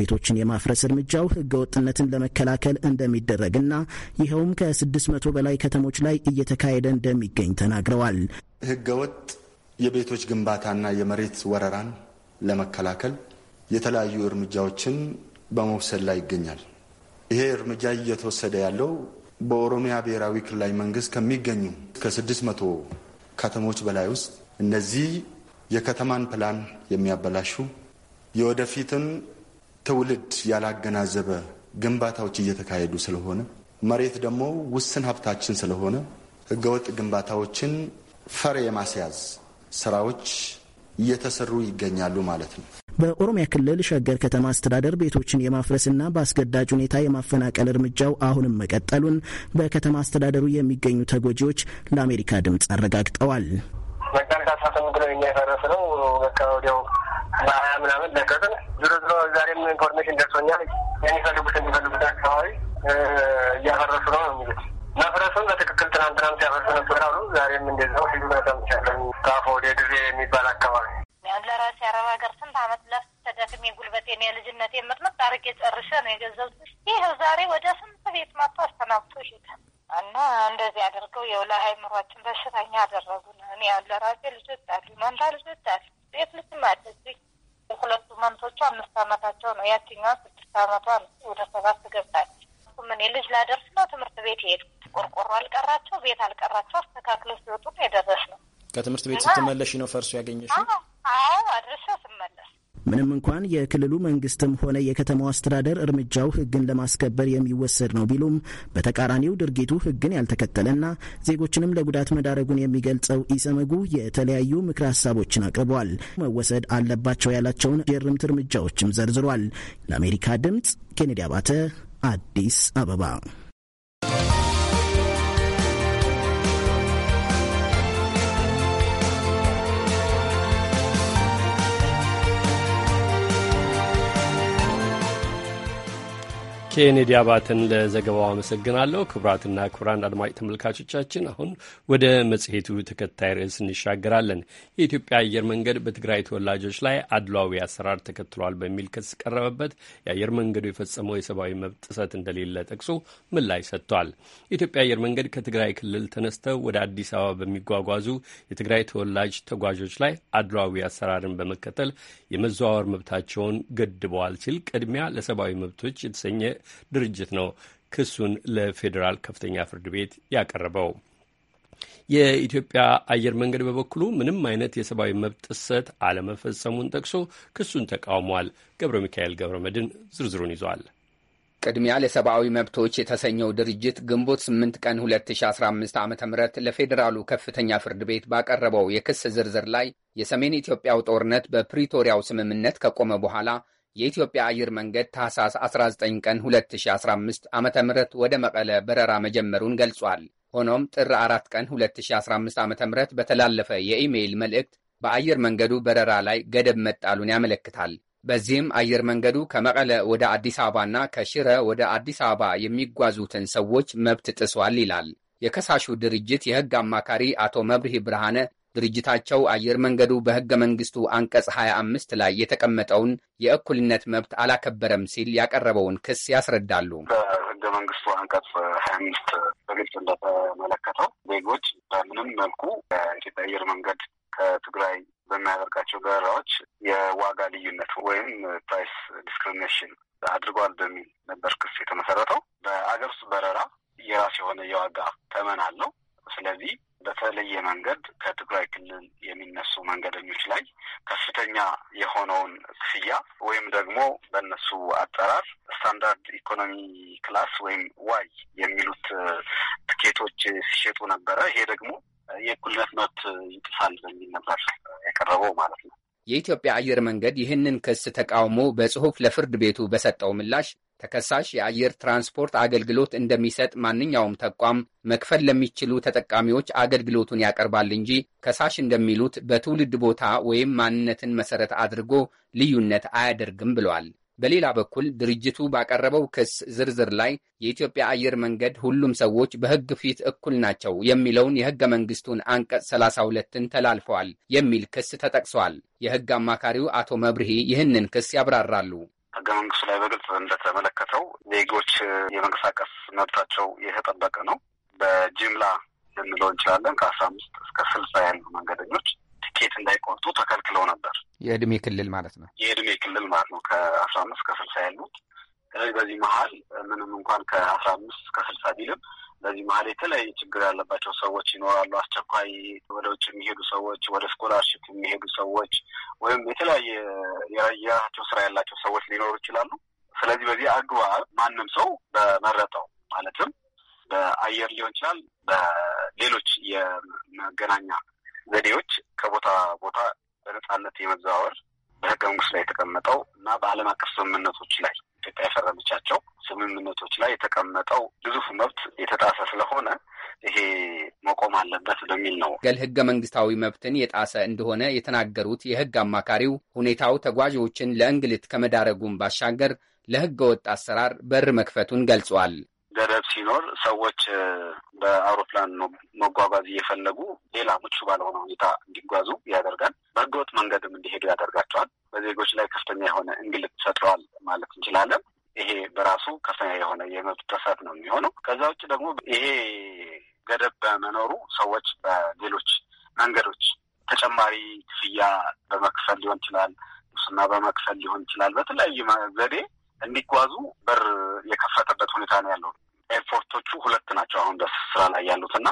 ቤቶችን የማፍረስ እርምጃው ህገወጥነትን ለመከላከል እንደሚደረግና ይኸውም ከስድስት መቶ በላይ ከተሞች ላይ እየተካሄደ እንደሚገኝ ተናግረዋል። ህገወጥ የቤቶች ግንባታና የመሬት ወረራን ለመከላከል የተለያዩ እርምጃዎችን በመውሰድ ላይ ይገኛል። ይሄ እርምጃ እየተወሰደ ያለው በኦሮሚያ ብሔራዊ ክልላዊ መንግስት ከሚገኙ ከስድስት መቶ ከተሞች በላይ ውስጥ እነዚህ የከተማን ፕላን የሚያበላሹ የወደፊትን ትውልድ ያላገናዘበ ግንባታዎች እየተካሄዱ ስለሆነ መሬት ደግሞ ውስን ሀብታችን ስለሆነ ህገወጥ ግንባታዎችን ፈር የማስያዝ ስራዎች እየተሰሩ ይገኛሉ ማለት ነው። በኦሮሚያ ክልል ሸገር ከተማ አስተዳደር ቤቶችን የማፍረስና በአስገዳጅ ሁኔታ የማፈናቀል እርምጃው አሁንም መቀጠሉን በከተማ አስተዳደሩ የሚገኙ ተጎጂዎች ለአሜሪካ ድምፅ አረጋግጠዋል። መጋቢት አስራ ስምንት ነው የኛ የፈረስ ነው። በቃ ወዲያው በሀያ ምናምን ለቀጥን ዝሮ ዝሮ ዛሬም ኢንፎርሜሽን ደርሶኛል። የሚፈልጉት የሚፈልጉት አካባቢ እያፈረሱ ነው ነው የሚሉት መፍረሱን በትክክል ትናንትናም ሲያፈርሱ ነበር አሉ። ዛሬም እንደዛው ሲሉ ሰምቻለሁ። ካፎ ወደ ድሬ የሚባል አካባቢ ለራሴ አረብ ሀገር ስንት አመት ለፍ ተደክሜ ጉልበቴን የልጅነት የምርነት አርጌ ጨርሼ ነው የገዘብኩት። ይህ ዛሬ ወደ ስንት ቤት መጥቶ አስተናብቶ ሄዳል እና እንደዚህ አድርገው የውላ ሀይምሯችን በሽተኛ አደረጉን። እኔ ያለ ራሴ ልጆች አሉ፣ መንታ ልጆች አሉ፣ ቤት ልጅም አለብኝ። ሁለቱ መንቶቹ አምስት አመታቸው ነው፣ ያችኛዋ ስድስት አመቷ ነው። ወደ ሰባት ገብታለች። ምን ልጅ ላደርስ ነው ትምህርት ቤት ሄድኩ ቆርቆሮ አልቀራቸው ቤት አልቀራቸው አስተካክሎ ሲወጡ የደረስ ነው። ከትምህርት ቤት ስትመለሽ ነው ፈርሶ ያገኘሽ? አዎ አድርሻ ስመለስ ምንም እንኳን የክልሉ መንግስትም ሆነ የከተማው አስተዳደር እርምጃው ሕግን ለማስከበር የሚወሰድ ነው ቢሉም በተቃራኒው ድርጊቱ ሕግን ያልተከተለና ዜጎችንም ለጉዳት መዳረጉን የሚገልጸው ኢሰመጉ የተለያዩ ምክረ ሀሳቦችን አቅርቧል። መወሰድ አለባቸው ያላቸውን የርምት እርምጃዎችም ዘርዝሯል። ለአሜሪካ ድምጽ ኬኔዲ አባተ አዲስ አበባ ኬኔዲ አባትን ለዘገባው አመሰግናለሁ። ክቡራትና ክቡራን አድማጭ ተመልካቾቻችን አሁን ወደ መጽሔቱ ተከታይ ርዕስ እንሻገራለን። የኢትዮጵያ አየር መንገድ በትግራይ ተወላጆች ላይ አድሏዊ አሰራር ተከትሏል በሚል ክስ ቀረበበት። የአየር መንገዱ የፈጸመው የሰብአዊ መብት ጥሰት እንደሌለ ጠቅሶ ምላሽ ሰጥቷል። የኢትዮጵያ አየር መንገድ ከትግራይ ክልል ተነስተው ወደ አዲስ አበባ በሚጓጓዙ የትግራይ ተወላጅ ተጓዦች ላይ አድሏዊ አሰራርን በመከተል የመዘዋወር መብታቸውን ገድበዋል ሲል ቅድሚያ ለሰብአዊ መብቶች የተሰኘ ድርጅት ነው ክሱን ለፌዴራል ከፍተኛ ፍርድ ቤት ያቀረበው። የኢትዮጵያ አየር መንገድ በበኩሉ ምንም አይነት የሰብአዊ መብት ጥሰት አለመፈጸሙን ጠቅሶ ክሱን ተቃውሟል። ገብረ ሚካኤል ገብረ መድን ዝርዝሩን ይዟል። ቅድሚያ ለሰብአዊ መብቶች የተሰኘው ድርጅት ግንቦት 8 ቀን 2015 ዓ ም ለፌዴራሉ ከፍተኛ ፍርድ ቤት ባቀረበው የክስ ዝርዝር ላይ የሰሜን ኢትዮጵያው ጦርነት በፕሪቶሪያው ስምምነት ከቆመ በኋላ የኢትዮጵያ አየር መንገድ ታህሳስ 19 ቀን 2015 ዓ ም ወደ መቀለ በረራ መጀመሩን ገልጿል። ሆኖም ጥር 4 ቀን 2015 ዓ ም በተላለፈ የኢሜይል መልእክት በአየር መንገዱ በረራ ላይ ገደብ መጣሉን ያመለክታል። በዚህም አየር መንገዱ ከመቀለ ወደ አዲስ አበባና ከሽረ ወደ አዲስ አበባ የሚጓዙትን ሰዎች መብት ጥሷል ይላል። የከሳሹ ድርጅት የሕግ አማካሪ አቶ መብርህ ብርሃነ ድርጅታቸው አየር መንገዱ በሕገ መንግሥቱ አንቀጽ 25 ላይ የተቀመጠውን የእኩልነት መብት አላከበረም ሲል ያቀረበውን ክስ ያስረዳሉ። በሕገ መንግሥቱ አንቀጽ 25 በግልጽ እንደተመለከተው ዜጎች በምንም መልኩ የኢትዮጵያ አየር መንገድ ከትግራይ በሚያደርጋቸው በረራዎች የዋጋ ልዩነት ወይም ፕራይስ ዲስክሪሚኔሽን አድርጓል በሚል ነበር ክስ የተመሰረተው። በአገር ውስጥ በረራ የራስ የሆነ የዋጋ ተመን አለው። ስለዚህ በተለየ መንገድ ከትግራይ ክልል የሚነሱ መንገደኞች ላይ ከፍተኛ የሆነውን ክፍያ ወይም ደግሞ በእነሱ አጠራር ስታንዳርድ ኢኮኖሚ ክላስ ወይም ዋይ የሚሉት ትኬቶች ሲሸጡ ነበረ። ይሄ ደግሞ የእኩልነት መብት ይጥሳል በሚል ነበር የቀረበው ማለት ነው። የኢትዮጵያ አየር መንገድ ይህንን ክስ ተቃውሞ በጽሁፍ ለፍርድ ቤቱ በሰጠው ምላሽ ተከሳሽ የአየር ትራንስፖርት አገልግሎት እንደሚሰጥ ማንኛውም ተቋም መክፈል ለሚችሉ ተጠቃሚዎች አገልግሎቱን ያቀርባል እንጂ ከሳሽ እንደሚሉት በትውልድ ቦታ ወይም ማንነትን መሰረት አድርጎ ልዩነት አያደርግም ብለዋል። በሌላ በኩል ድርጅቱ ባቀረበው ክስ ዝርዝር ላይ የኢትዮጵያ አየር መንገድ ሁሉም ሰዎች በሕግ ፊት እኩል ናቸው የሚለውን የሕገ መንግስቱን አንቀጽ 32ን ተላልፈዋል የሚል ክስ ተጠቅሷል። የሕግ አማካሪው አቶ መብርሂ ይህንን ክስ ያብራራሉ። ህገ መንግስቱ ላይ በግልጽ እንደተመለከተው ዜጎች የመንቀሳቀስ መብታቸው የተጠበቀ ነው። በጅምላ ልንለው እንችላለን ከአስራ አምስት እስከ ስልሳ ያሉ መንገደኞች ትኬት እንዳይቆርጡ ተከልክለው ነበር። የእድሜ ክልል ማለት ነው። የእድሜ ክልል ማለት ነው። ከአስራ አምስት እስከ ስልሳ ያሉት። ስለዚህ በዚህ መሀል ምንም እንኳን ከአስራ አምስት እስከ ስልሳ ቢልም በዚህ መሀል የተለያየ ችግር ያለባቸው ሰዎች ይኖራሉ። አስቸኳይ ወደ ውጭ የሚሄዱ ሰዎች፣ ወደ ስኮላርሽፕ የሚሄዱ ሰዎች ወይም የተለያየ የራሳቸው ስራ ያላቸው ሰዎች ሊኖሩ ይችላሉ። ስለዚህ በዚህ አግባብ ማንም ሰው በመረጠው ማለትም በአየር ሊሆን ይችላል፣ በሌሎች የመገናኛ ዘዴዎች ከቦታ ቦታ በነፃነት የመዘዋወር በህገ መንግስት ላይ የተቀመጠው እና በዓለም አቀፍ ስምምነቶች ላይ ኢትዮጵያ የፈረመቻቸው ስምምነቶች ላይ የተቀመጠው ግዙፍ መብት የተጣሰ ስለሆነ ይሄ መቆም አለበት በሚል ነው ገል ህገ መንግስታዊ መብትን የጣሰ እንደሆነ የተናገሩት የህግ አማካሪው ሁኔታው ተጓዦችን ለእንግልት ከመዳረጉን ባሻገር ለህገ ወጥ አሰራር በር መክፈቱን ገልጿል። ገደብ ሲኖር ሰዎች በአውሮፕላን መጓጓዝ እየፈለጉ ሌላ ምቹ ባልሆነ ሁኔታ እንዲጓዙ ያደርጋል። በህገወጥ መንገድም እንዲሄዱ ያደርጋቸዋል። በዜጎች ላይ ከፍተኛ የሆነ እንግልት ሰጥረዋል ማለት እንችላለን። ይሄ በራሱ ከፍተኛ የሆነ የመብት ጥሰት ነው የሚሆነው። ከዛ ውጭ ደግሞ ይሄ ገደብ በመኖሩ ሰዎች በሌሎች መንገዶች ተጨማሪ ክፍያ በመክፈል ሊሆን ይችላል፣ ሙስና በመክፈል ሊሆን ይችላል፣ በተለያዩ ዘዴ እንዲጓዙ በር የከፈተበት ሁኔታ ነው ያለው። ኤርፖርቶቹ ሁለት ናቸው አሁን በስራ ላይ ያሉት እና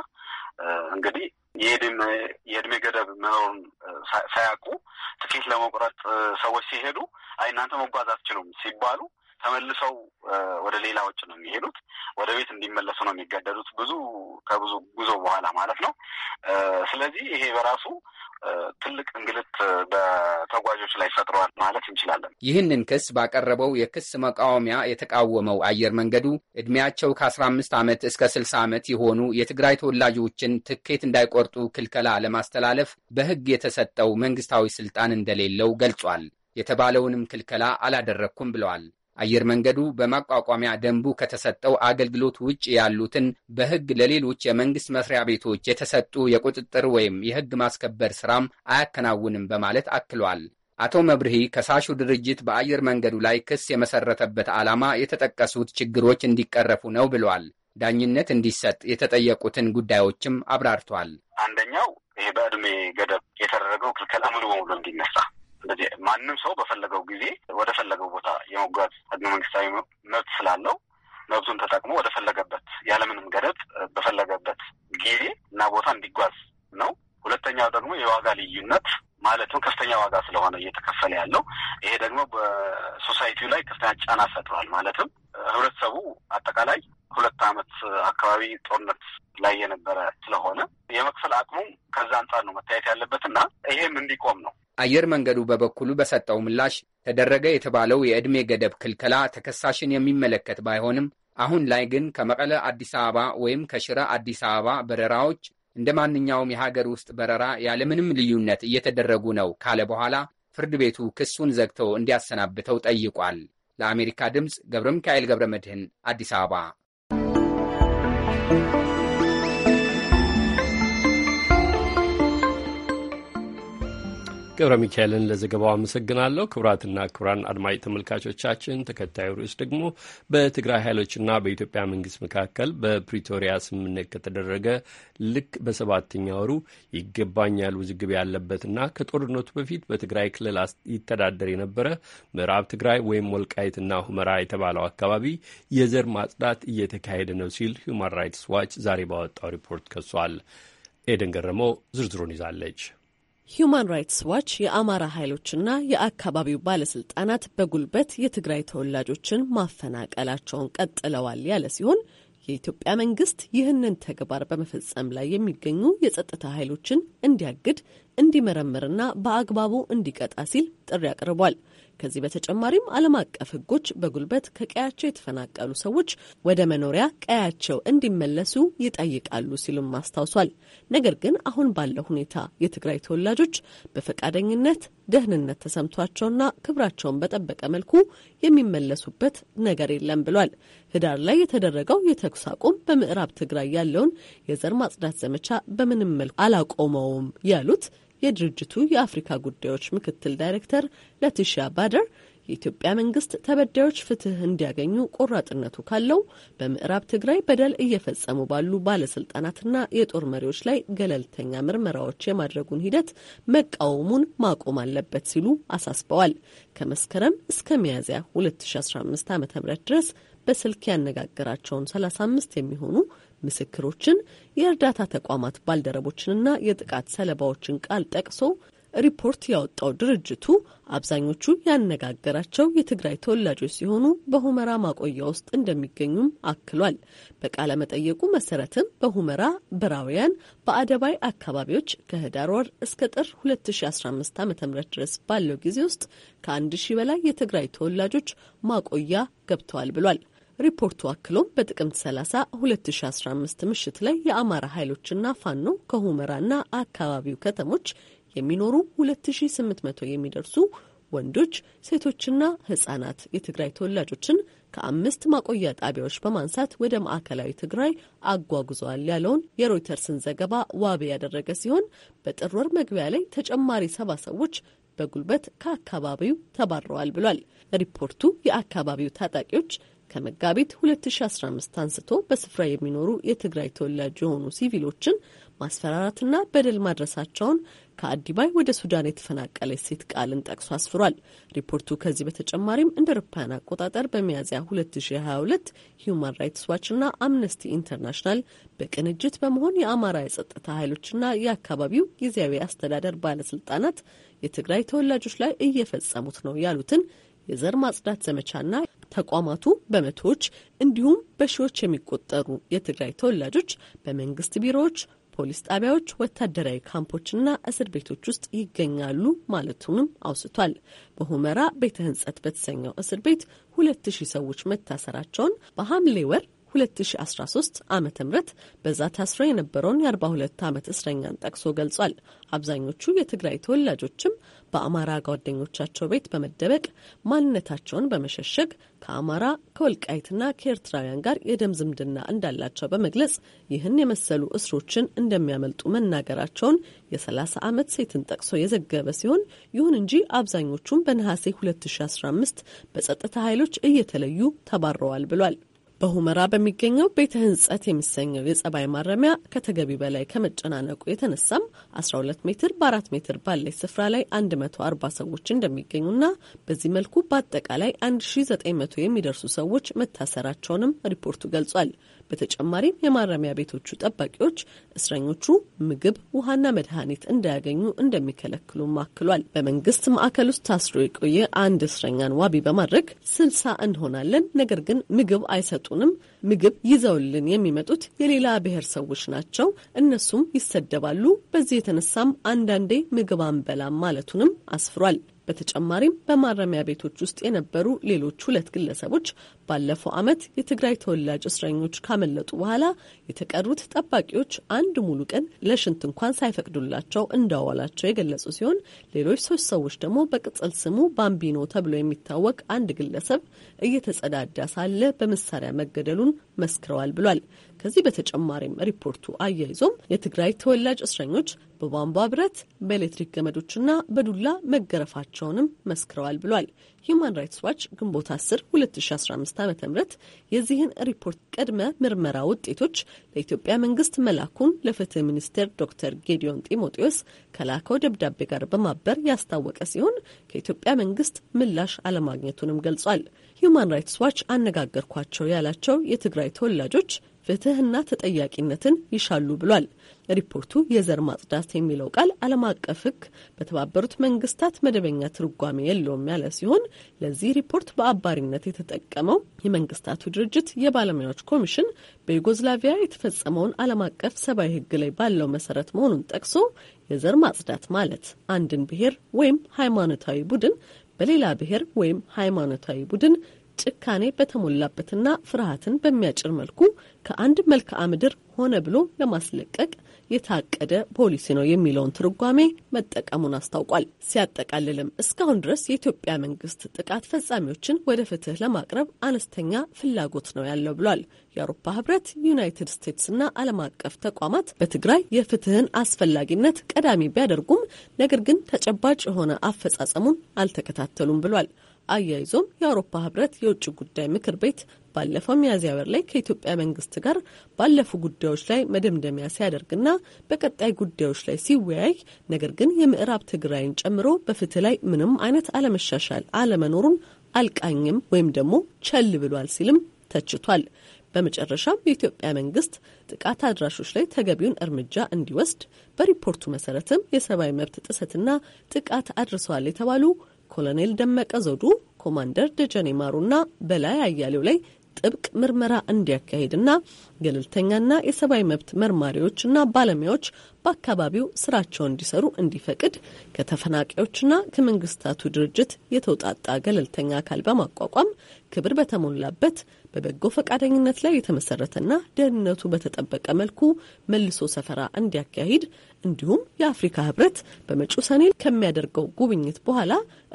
እንግዲህ የእድሜ ገደብ መኖሩን ሳያውቁ ትኬት ለመቁረጥ ሰዎች ሲሄዱ አይ እናንተ መጓዝ አትችሉም ሲባሉ ተመልሰው ወደ ሌላ ውጭ ነው የሚሄዱት። ወደ ቤት እንዲመለሱ ነው የሚገደዱት ብዙ ከብዙ ጉዞ በኋላ ማለት ነው። ስለዚህ ይሄ በራሱ ትልቅ እንግልት በተጓዦች ላይ ፈጥሯል ማለት እንችላለን። ይህንን ክስ ባቀረበው የክስ መቃወሚያ የተቃወመው አየር መንገዱ እድሜያቸው ከአስራ አምስት ዓመት እስከ ስልሳ ዓመት የሆኑ የትግራይ ተወላጆችን ትኬት እንዳይቆርጡ ክልከላ ለማስተላለፍ በሕግ የተሰጠው መንግስታዊ ስልጣን እንደሌለው ገልጿል። የተባለውንም ክልከላ አላደረግኩም ብለዋል። አየር መንገዱ በማቋቋሚያ ደንቡ ከተሰጠው አገልግሎት ውጭ ያሉትን በሕግ ለሌሎች የመንግስት መስሪያ ቤቶች የተሰጡ የቁጥጥር ወይም የሕግ ማስከበር ስራም አያከናውንም በማለት አክሏል። አቶ መብርሂ ከሳሹ ድርጅት በአየር መንገዱ ላይ ክስ የመሰረተበት ዓላማ የተጠቀሱት ችግሮች እንዲቀረፉ ነው ብሏል። ዳኝነት እንዲሰጥ የተጠየቁትን ጉዳዮችም አብራርቷል። አንደኛው ይህ በዕድሜ ገደብ የተደረገው ክልከላ ሙሉ በሙሉ እንዲነሳ ስለዚህ ማንም ሰው በፈለገው ጊዜ ወደ ፈለገው ቦታ የመጓዝ ህገ መንግስታዊ መብት ስላለው መብቱን ተጠቅሞ ወደ ፈለገበት ያለምንም ገደብ በፈለገበት ጊዜ እና ቦታ እንዲጓዝ ነው። ሁለተኛው ደግሞ የዋጋ ልዩነት ማለትም ከፍተኛ ዋጋ ስለሆነ እየተከፈለ ያለው ይሄ ደግሞ በሶሳይቲው ላይ ከፍተኛ ጫና ፈጥሯል። ማለትም ህብረተሰቡ አጠቃላይ ሁለት ዓመት አካባቢ ጦርነት ላይ የነበረ ስለሆነ የመክፈል አቅሙ ከዛ አንጻር ነው መታየት ያለበት እና ይሄም እንዲቆም ነው አየር መንገዱ በበኩሉ በሰጠው ምላሽ ተደረገ የተባለው የዕድሜ ገደብ ክልከላ ተከሳሽን የሚመለከት ባይሆንም አሁን ላይ ግን ከመቀለ አዲስ አበባ ወይም ከሽረ አዲስ አበባ በረራዎች እንደ ማንኛውም የሀገር ውስጥ በረራ ያለምንም ልዩነት እየተደረጉ ነው ካለ በኋላ ፍርድ ቤቱ ክሱን ዘግተው እንዲያሰናብተው ጠይቋል። ለአሜሪካ ድምፅ ገብረ ሚካኤል ገብረ መድህን አዲስ አበባ ገብረ ሚካኤልን ለዘገባው አመሰግናለሁ። ክቡራትና ክቡራን አድማጭ ተመልካቾቻችን ተከታዩ ርዕስ ደግሞ በትግራይ ኃይሎችና በኢትዮጵያ መንግስት መካከል በፕሪቶሪያ ስምምነት ከተደረገ ልክ በሰባተኛ ወሩ ይገባኛል ውዝግብ ያለበትና ከጦርነቱ በፊት በትግራይ ክልል ይተዳደር የነበረ ምዕራብ ትግራይ ወይም ወልቃይትና ሁመራ የተባለው አካባቢ የዘር ማጽዳት እየተካሄደ ነው ሲል ሁማን ራይትስ ዋች ዛሬ ባወጣው ሪፖርት ከሷል። ኤደን ገረመው ዝርዝሩን ይዛለች። ሂዩማን ራይትስ ዋች የአማራ ኃይሎችና የአካባቢው ባለስልጣናት በጉልበት የትግራይ ተወላጆችን ማፈናቀላቸውን ቀጥለዋል ያለ ሲሆን የኢትዮጵያ መንግስት ይህንን ተግባር በመፈጸም ላይ የሚገኙ የጸጥታ ኃይሎችን እንዲያግድ፣ እንዲመረምርና በአግባቡ እንዲቀጣ ሲል ጥሪ አቅርቧል። ከዚህ በተጨማሪም ዓለም አቀፍ ሕጎች በጉልበት ከቀያቸው የተፈናቀሉ ሰዎች ወደ መኖሪያ ቀያቸው እንዲመለሱ ይጠይቃሉ ሲሉም አስታውሷል። ነገር ግን አሁን ባለው ሁኔታ የትግራይ ተወላጆች በፈቃደኝነት ደህንነት ተሰምቷቸውና ክብራቸውን በጠበቀ መልኩ የሚመለሱበት ነገር የለም ብሏል። ህዳር ላይ የተደረገው የተኩስ አቁም በምዕራብ ትግራይ ያለውን የዘር ማጽዳት ዘመቻ በምንም መልኩ አላቆመውም ያሉት የድርጅቱ የአፍሪካ ጉዳዮች ምክትል ዳይሬክተር ለቲሻ ባደር የኢትዮጵያ መንግስት ተበዳዮች ፍትህ እንዲያገኙ ቆራጥነቱ ካለው በምዕራብ ትግራይ በደል እየፈጸሙ ባሉ ባለስልጣናትና የጦር መሪዎች ላይ ገለልተኛ ምርመራዎች የማድረጉን ሂደት መቃወሙን ማቆም አለበት ሲሉ አሳስበዋል። ከመስከረም እስከ ሚያዝያ 2015 ዓ ም ድረስ በስልክ ያነጋገራቸውን 35 የሚሆኑ ምስክሮችን፣ የእርዳታ ተቋማት ባልደረቦችንና የጥቃት ሰለባዎችን ቃል ጠቅሶ ሪፖርት ያወጣው ድርጅቱ አብዛኞቹ ያነጋገራቸው የትግራይ ተወላጆች ሲሆኑ በሁመራ ማቆያ ውስጥ እንደሚገኙም አክሏል። በቃለ መጠየቁ መሰረትም በሁመራ ብራውያን በአደባይ አካባቢዎች ከህዳር ወር እስከ ጥር 2015 ዓ ም ድረስ ባለው ጊዜ ውስጥ ከአንድ ሺህ በላይ የትግራይ ተወላጆች ማቆያ ገብተዋል ብሏል። ሪፖርቱ አክሎም በጥቅምት 30 2015 ምሽት ላይ የአማራ ኃይሎችና ፋኖ ከሁመራና አካባቢው ከተሞች የሚኖሩ 2800 የሚደርሱ ወንዶች ሴቶችና ህጻናት የትግራይ ተወላጆችን ከአምስት ማቆያ ጣቢያዎች በማንሳት ወደ ማዕከላዊ ትግራይ አጓጉዘዋል ያለውን የሮይተርስን ዘገባ ዋቢ ያደረገ ሲሆን በጥር ወር መግቢያ ላይ ተጨማሪ ሰባ ሰዎች በጉልበት ከአካባቢው ተባረዋል ብሏል። ሪፖርቱ የአካባቢው ታጣቂዎች ከመጋቢት 2015 አንስቶ በስፍራ የሚኖሩ የትግራይ ተወላጅ የሆኑ ሲቪሎችን ማስፈራራትና በደል ማድረሳቸውን ከአዲባይ ወደ ሱዳን የተፈናቀለች ሴት ቃልን ጠቅሶ አስፍሯል። ሪፖርቱ ከዚህ በተጨማሪም እንደ አውሮፓውያን አቆጣጠር በሚያዝያ 2022 ሂዩማን ራይትስ ዋችና አምነስቲ ኢንተርናሽናል በቅንጅት በመሆን የአማራ የጸጥታ ኃይሎችና የአካባቢው ጊዜያዊ አስተዳደር ባለስልጣናት የትግራይ ተወላጆች ላይ እየፈጸሙት ነው ያሉትን የዘር ማጽዳት ዘመቻና ተቋማቱ በመቶዎች እንዲሁም በሺዎች የሚቆጠሩ የትግራይ ተወላጆች በመንግስት ቢሮዎች፣ ፖሊስ ጣቢያዎች፣ ወታደራዊ ካምፖችና እስር ቤቶች ውስጥ ይገኛሉ ማለቱንም አውስቷል። በሁመራ ቤተ ህንጸት በተሰኘው እስር ቤት ሁለት ሺህ ሰዎች መታሰራቸውን በሐምሌ ወር 2013 ዓ ም በዛ ታስሮ የነበረውን የ42 ዓመት እስረኛን ጠቅሶ ገልጿል። አብዛኞቹ የትግራይ ተወላጆችም በአማራ ጓደኞቻቸው ቤት በመደበቅ ማንነታቸውን በመሸሸግ ከአማራ ከወልቃይትና ከኤርትራውያን ጋር የደም ዝምድና እንዳላቸው በመግለጽ ይህን የመሰሉ እስሮችን እንደሚያመልጡ መናገራቸውን የ30 ዓመት ሴትን ጠቅሶ የዘገበ ሲሆን ይሁን እንጂ አብዛኞቹም በነሐሴ 2015 በጸጥታ ኃይሎች እየተለዩ ተባረዋል ብሏል። በሁመራ በሚገኘው ቤተ ህንጸት የሚሰኘው የጸባይ ማረሚያ ከተገቢ በላይ ከመጨናነቁ የተነሳም 12 ሜትር በ4 ሜትር ባለች ስፍራ ላይ 140 ሰዎች እንደሚገኙና በዚህ መልኩ በአጠቃላይ 1900 የሚደርሱ ሰዎች መታሰራቸውንም ሪፖርቱ ገልጿል። በተጨማሪም የማረሚያ ቤቶቹ ጠባቂዎች እስረኞቹ ምግብ፣ ውሃና መድኃኒት እንዳያገኙ እንደሚከለክሉም አክሏል። በመንግስት ማዕከል ውስጥ ታስሮ የቆየ አንድ እስረኛን ዋቢ በማድረግ ስልሳ እንሆናለን፣ ነገር ግን ምግብ አይሰጡንም። ምግብ ይዘውልን የሚመጡት የሌላ ብሔር ሰዎች ናቸው። እነሱም ይሰደባሉ። በዚህ የተነሳም አንዳንዴ ምግብ አንበላም ማለቱንም አስፍሯል። በተጨማሪም በማረሚያ ቤቶች ውስጥ የነበሩ ሌሎች ሁለት ግለሰቦች ባለፈው ዓመት የትግራይ ተወላጅ እስረኞች ካመለጡ በኋላ የተቀሩት ጠባቂዎች አንድ ሙሉ ቀን ለሽንት እንኳን ሳይፈቅዱላቸው እንዳዋላቸው የገለጹ ሲሆን ሌሎች ሶስት ሰዎች ደግሞ በቅጽል ስሙ ባምቢኖ ተብሎ የሚታወቅ አንድ ግለሰብ እየተጸዳዳ ሳለ በመሳሪያ መገደሉን መስክረዋል ብሏል። ከዚህ በተጨማሪም ሪፖርቱ አያይዞም የትግራይ ተወላጅ እስረኞች በቧንቧ ብረት፣ በኤሌክትሪክ ገመዶችና በዱላ መገረፋቸውንም መስክረዋል ብሏል። ሂዩማን ራይትስ ዋች ግንቦት 10 2015 ዓ ም የዚህን ሪፖርት ቅድመ ምርመራ ውጤቶች ለኢትዮጵያ መንግስት መላኩን ለፍትህ ሚኒስቴር ዶክተር ጌዲዮን ጢሞቴዎስ ከላከው ደብዳቤ ጋር በማበር ያስታወቀ ሲሆን ከኢትዮጵያ መንግስት ምላሽ አለማግኘቱንም ገልጿል። ሂዩማን ራይትስ ዋች አነጋገርኳቸው ያላቸው የትግራይ ተወላጆች ፍትህና ተጠያቂነትን ይሻሉ ብሏል። ሪፖርቱ የዘር ማጽዳት የሚለው ቃል ዓለም አቀፍ ሕግ በተባበሩት መንግስታት መደበኛ ትርጓሜ የለውም ያለ ሲሆን ለዚህ ሪፖርት በአባሪነት የተጠቀመው የመንግስታቱ ድርጅት የባለሙያዎች ኮሚሽን በዩጎዝላቪያ የተፈጸመውን ዓለም አቀፍ ሰብአዊ ሕግ ላይ ባለው መሰረት መሆኑን ጠቅሶ የዘር ማጽዳት ማለት አንድን ብሔር ወይም ሃይማኖታዊ ቡድን በሌላ ብሔር ወይም ሃይማኖታዊ ቡድን ጭካኔ በተሞላበትና ፍርሃትን በሚያጭር መልኩ ከአንድ መልክዓ ምድር ሆነ ብሎ ለማስለቀቅ የታቀደ ፖሊሲ ነው የሚለውን ትርጓሜ መጠቀሙን አስታውቋል። ሲያጠቃልልም እስካሁን ድረስ የኢትዮጵያ መንግስት ጥቃት ፈጻሚዎችን ወደ ፍትህ ለማቅረብ አነስተኛ ፍላጎት ነው ያለው ብሏል። የአውሮፓ ህብረት፣ ዩናይትድ እና ዓለም አቀፍ ተቋማት በትግራይ የፍትህን አስፈላጊነት ቀዳሚ ቢያደርጉም ነገር ግን ተጨባጭ የሆነ አፈጻጸሙን አልተከታተሉም ብሏል። አያይዞም የአውሮፓ ህብረት የውጭ ጉዳይ ምክር ቤት ባለፈው ሚያዝያ ወር ላይ ከኢትዮጵያ መንግስት ጋር ባለፉ ጉዳዮች ላይ መደምደሚያ ሲያደርግና በቀጣይ ጉዳዮች ላይ ሲወያይ ነገር ግን የምዕራብ ትግራይን ጨምሮ በፍትህ ላይ ምንም አይነት አለመሻሻል አለመኖሩን አልቃኝም ወይም ደግሞ ቸል ብሏል ሲልም ተችቷል። በመጨረሻም የኢትዮጵያ መንግስት ጥቃት አድራሾች ላይ ተገቢውን እርምጃ እንዲወስድ በሪፖርቱ መሰረትም የሰብአዊ መብት ጥሰትና ጥቃት አድርሰዋል የተባሉ ኮሎኔል ደመቀ ዘውዱ፣ ኮማንደር ደጀኔ ማሩና በላይ አያሌው ላይ ጥብቅ ምርመራ እንዲያካሂድና ገለልተኛና የሰብአዊ መብት መርማሪዎችና ባለሙያዎች በአካባቢው ስራቸውን እንዲሰሩ እንዲፈቅድ ከተፈናቃዮችና ከመንግስታቱ ድርጅት የተውጣጣ ገለልተኛ አካል በማቋቋም ክብር በተሞላበት በበጎ ፈቃደኝነት ላይ የተመሰረተና ደህንነቱ በተጠበቀ መልኩ መልሶ ሰፈራ እንዲያካሂድ እንዲሁም የአፍሪካ ህብረት በመጪው ሰኔ ከሚያደርገው ጉብኝት በኋላ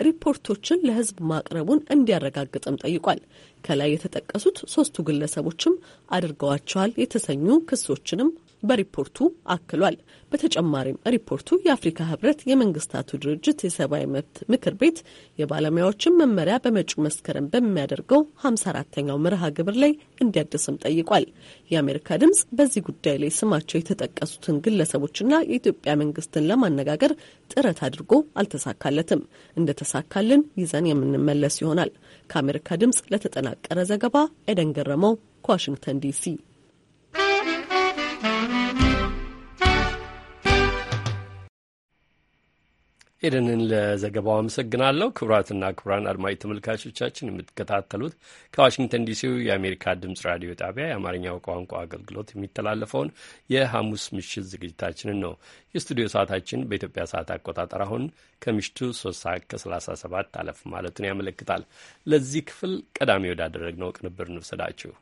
ሪፖርቶችን ለህዝብ ማቅረቡን እንዲያረጋግጥም ጠይቋል። ከላይ የተጠቀሱት ሶስቱ ግለሰቦችም አድርገዋቸዋል የተሰኙ ክሶችንም በሪፖርቱ አክሏል። በተጨማሪም ሪፖርቱ የአፍሪካ ህብረት፣ የመንግስታቱ ድርጅት የሰብአዊ መብት ምክር ቤት የባለሙያዎችን መመሪያ በመጪው መስከረም በሚያደርገው 54ተኛው መርሃ ግብር ላይ እንዲያድስም ጠይቋል። የአሜሪካ ድምጽ በዚህ ጉዳይ ላይ ስማቸው የተጠቀሱትን ግለሰቦችና የኢትዮጵያ መንግስትን ለማነጋገር ጥረት አድርጎ አልተሳካለትም። እንደተሳካልን ይዘን የምንመለስ ይሆናል። ከአሜሪካ ድምጽ ለተጠናቀረ ዘገባ ኤደን ገረመው ከዋሽንግተን ዲሲ ኤደንን ለዘገባው አመሰግናለሁ። ክቡራትና ክቡራን አድማጭ ተመልካቾቻችን የምትከታተሉት ከዋሽንግተን ዲሲው የአሜሪካ ድምፅ ራዲዮ ጣቢያ የአማርኛው ቋንቋ አገልግሎት የሚተላለፈውን የሐሙስ ምሽት ዝግጅታችንን ነው። የስቱዲዮ ሰዓታችን በኢትዮጵያ ሰዓት አቆጣጠር አሁን ከምሽቱ 3 ሰዓት ከ37 አለፍ ማለቱን ያመለክታል። ለዚህ ክፍል ቀዳሚ ወዳደረግነው ቅንብር ንውሰዳችሁ።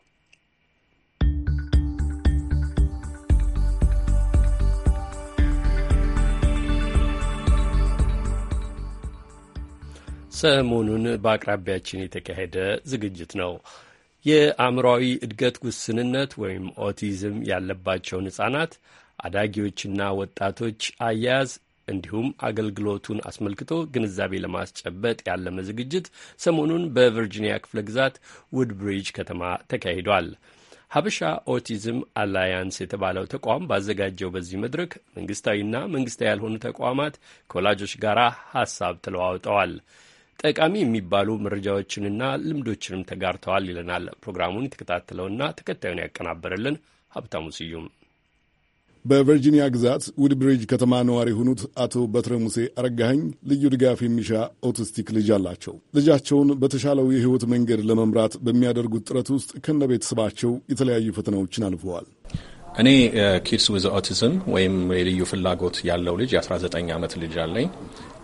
ሰሞኑን በአቅራቢያችን የተካሄደ ዝግጅት ነው። የአእምሯዊ እድገት ውስንነት ወይም ኦቲዝም ያለባቸውን ሕፃናት አዳጊዎችና ወጣቶች አያያዝ እንዲሁም አገልግሎቱን አስመልክቶ ግንዛቤ ለማስጨበጥ ያለመ ዝግጅት ሰሞኑን በቨርጂኒያ ክፍለ ግዛት ውድብሪጅ ከተማ ተካሂዷል። ሀበሻ ኦቲዝም አላያንስ የተባለው ተቋም ባዘጋጀው በዚህ መድረክ መንግስታዊና መንግስታዊ ያልሆኑ ተቋማት ከወላጆች ጋር ሀሳብ ተለዋውጠዋል። ጠቃሚ የሚባሉ መረጃዎችንና ልምዶችንም ተጋርተዋል ይለናል ፕሮግራሙን የተከታተለውና ተከታዩን ያቀናበረልን ሀብታሙ ስዩም። በቨርጂኒያ ግዛት ውድብሪጅ ከተማ ነዋሪ የሆኑት አቶ በትረ ሙሴ አረጋኸኝ ልዩ ድጋፍ የሚሻ ኦቲስቲክ ልጅ አላቸው። ልጃቸውን በተሻለው የህይወት መንገድ ለመምራት በሚያደርጉት ጥረት ውስጥ ከነ ቤተሰባቸው የተለያዩ ፈተናዎችን አልፈዋል። እኔ ኪድስ ዊዝ ኦቲዝም ወይም የልዩ ፍላጎት ያለው ልጅ የ19 ዓመት ልጅ አለኝ።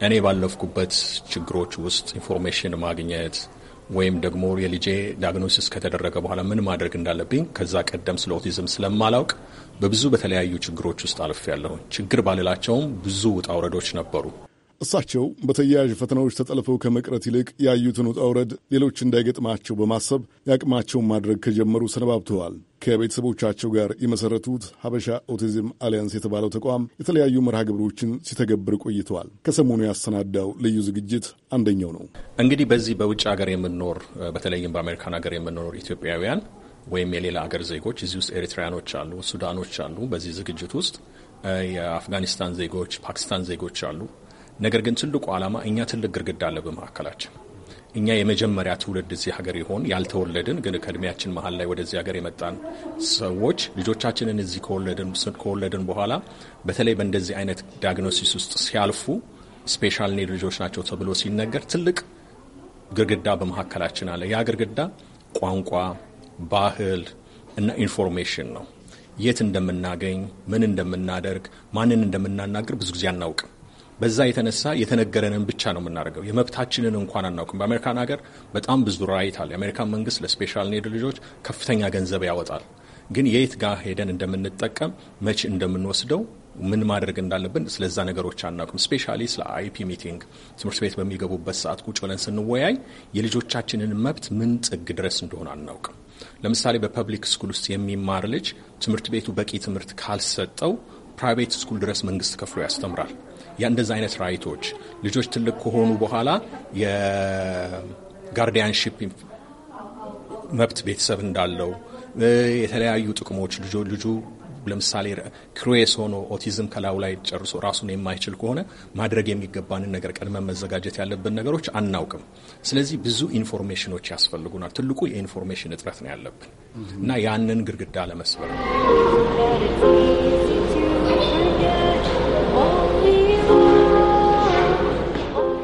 እኔ ባለፍኩበት ችግሮች ውስጥ ኢንፎርሜሽን ማግኘት ወይም ደግሞ የልጄ ዳግኖሲስ ከተደረገ በኋላ ምን ማድረግ እንዳለብኝ ከዛ ቀደም ስለ ኦቲዝም ስለማላውቅ በብዙ በተለያዩ ችግሮች ውስጥ አልፍ ያለሁ ችግር ባልላቸውም ብዙ ውጣ ውረዶች ነበሩ። እሳቸው በተያያዥ ፈተናዎች ተጠልፈው ከመቅረት ይልቅ ያዩትን ውጣ ውረድ ሌሎች እንዳይገጥማቸው በማሰብ የአቅማቸውን ማድረግ ከጀመሩ ሰነባብተዋል። ከቤተሰቦቻቸው ጋር የመሰረቱት ሀበሻ ኦቲዝም አሊያንስ የተባለው ተቋም የተለያዩ መርሃ ግብሮችን ሲተገብር ቆይተዋል። ከሰሞኑ ያሰናዳው ልዩ ዝግጅት አንደኛው ነው። እንግዲህ በዚህ በውጭ ሀገር የምንኖር በተለይም በአሜሪካን ሀገር የምንኖር ኢትዮጵያውያን ወይም የሌላ ሀገር ዜጎች እዚህ ውስጥ ኤሪትራያኖች አሉ፣ ሱዳኖች አሉ። በዚህ ዝግጅት ውስጥ የአፍጋኒስታን ዜጎች፣ ፓኪስታን ዜጎች አሉ ነገር ግን ትልቁ ዓላማ እኛ ትልቅ ግርግዳ አለ በመካከላችን። እኛ የመጀመሪያ ትውልድ እዚህ ሀገር ይሆን ያልተወለድን ግን ከእድሜያችን መሀል ላይ ወደዚህ ሀገር የመጣን ሰዎች ልጆቻችንን እዚህ ከወለድን በኋላ በተለይ በእንደዚህ አይነት ዲያግኖሲስ ውስጥ ሲያልፉ ስፔሻል ኔድ ልጆች ናቸው ተብሎ ሲነገር ትልቅ ግርግዳ በመካከላችን አለ። ያ ግርግዳ ቋንቋ፣ ባህል እና ኢንፎርሜሽን ነው። የት እንደምናገኝ፣ ምን እንደምናደርግ፣ ማንን እንደምናናግር ብዙ ጊዜ አናውቅም። በዛ የተነሳ የተነገረንን ብቻ ነው የምናደርገው። የመብታችንን እንኳን አናውቅም። በአሜሪካን ሀገር በጣም ብዙ ራይት አለ። የአሜሪካን መንግስት ለስፔሻል ኔድ ልጆች ከፍተኛ ገንዘብ ያወጣል። ግን የየት ጋር ሄደን እንደምንጠቀም፣ መቼ እንደምንወስደው፣ ምን ማድረግ እንዳለብን ስለዛ ነገሮች አናውቅም። ስፔሻሊ ስለ አይፒ ሚቲንግ ትምህርት ቤት በሚገቡበት ሰዓት ቁጭ ብለን ስንወያይ የልጆቻችንን መብት ምን ጥግ ድረስ እንደሆነ አናውቅም። ለምሳሌ በፐብሊክ ስኩል ውስጥ የሚማር ልጅ ትምህርት ቤቱ በቂ ትምህርት ካልሰጠው ፕራይቬት ስኩል ድረስ መንግስት ከፍሎ ያስተምራል። የእንደዚ አይነት ራይቶች ልጆች ትልቅ ከሆኑ በኋላ የጋርዲያንሽፕ መብት ቤተሰብ እንዳለው የተለያዩ ጥቅሞች ልጆ ልጁ ለምሳሌ ክሮስ ሆኖ ኦቲዝም ከላዩ ላይ ጨርሶ ራሱን የማይችል ከሆነ ማድረግ የሚገባንን ነገር ቀድመን መዘጋጀት ያለብን ነገሮች አናውቅም። ስለዚህ ብዙ ኢንፎርሜሽኖች ያስፈልጉናል። ትልቁ የኢንፎርሜሽን እጥረት ነው ያለብን እና ያንን ግድግዳ ለመስበር ነው።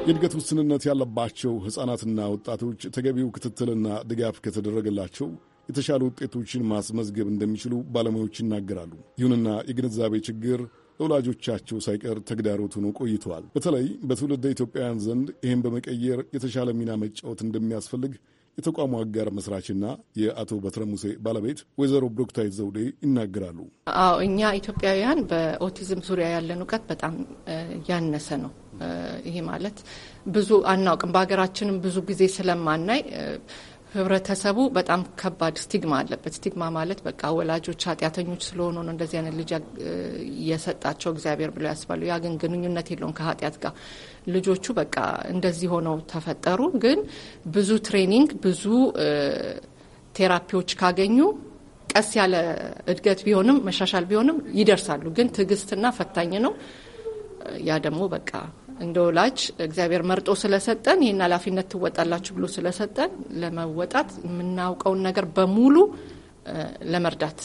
የእድገት ውስንነት ያለባቸው ሕፃናትና ወጣቶች ተገቢው ክትትልና ድጋፍ ከተደረገላቸው የተሻሉ ውጤቶችን ማስመዝገብ እንደሚችሉ ባለሙያዎች ይናገራሉ። ይሁንና የግንዛቤ ችግር ለወላጆቻቸው ሳይቀር ተግዳሮት ሆኖ ቆይተዋል። በተለይ በትውልደ ኢትዮጵያውያን ዘንድ ይህን በመቀየር የተሻለ ሚና መጫወት እንደሚያስፈልግ የተቋሙ አጋር መስራችና የአቶ በትረ ሙሴ ባለቤት ወይዘሮ ብሮክታይት ዘውዴ ይናገራሉ። አዎ እኛ ኢትዮጵያውያን በኦቲዝም ዙሪያ ያለን እውቀት በጣም ያነሰ ነው። ይሄ ማለት ብዙ አናውቅም። በሀገራችንም ብዙ ጊዜ ስለማናይ ህብረተሰቡ በጣም ከባድ ስቲግማ አለበት። ስቲግማ ማለት በቃ ወላጆች ኃጢአተኞች ስለሆኑ ነው እንደዚህ አይነት ልጅ የሰጣቸው እግዚአብሔር ብለው ያስባሉ። ያ ግን ግንኙነት የለውም ከኃጢአት ጋር። ልጆቹ በቃ እንደዚህ ሆነው ተፈጠሩ። ግን ብዙ ትሬኒንግ፣ ብዙ ቴራፒዎች ካገኙ ቀስ ያለ እድገት ቢሆንም መሻሻል ቢሆንም ይደርሳሉ። ግን ትዕግስትና ፈታኝ ነው። ያ ደግሞ በቃ እንደ ወላጅ እግዚአብሔር መርጦ ስለሰጠን ይህን ኃላፊነት ትወጣላችሁ ብሎ ስለሰጠን ለመወጣት የምናውቀውን ነገር በሙሉ ለመርዳት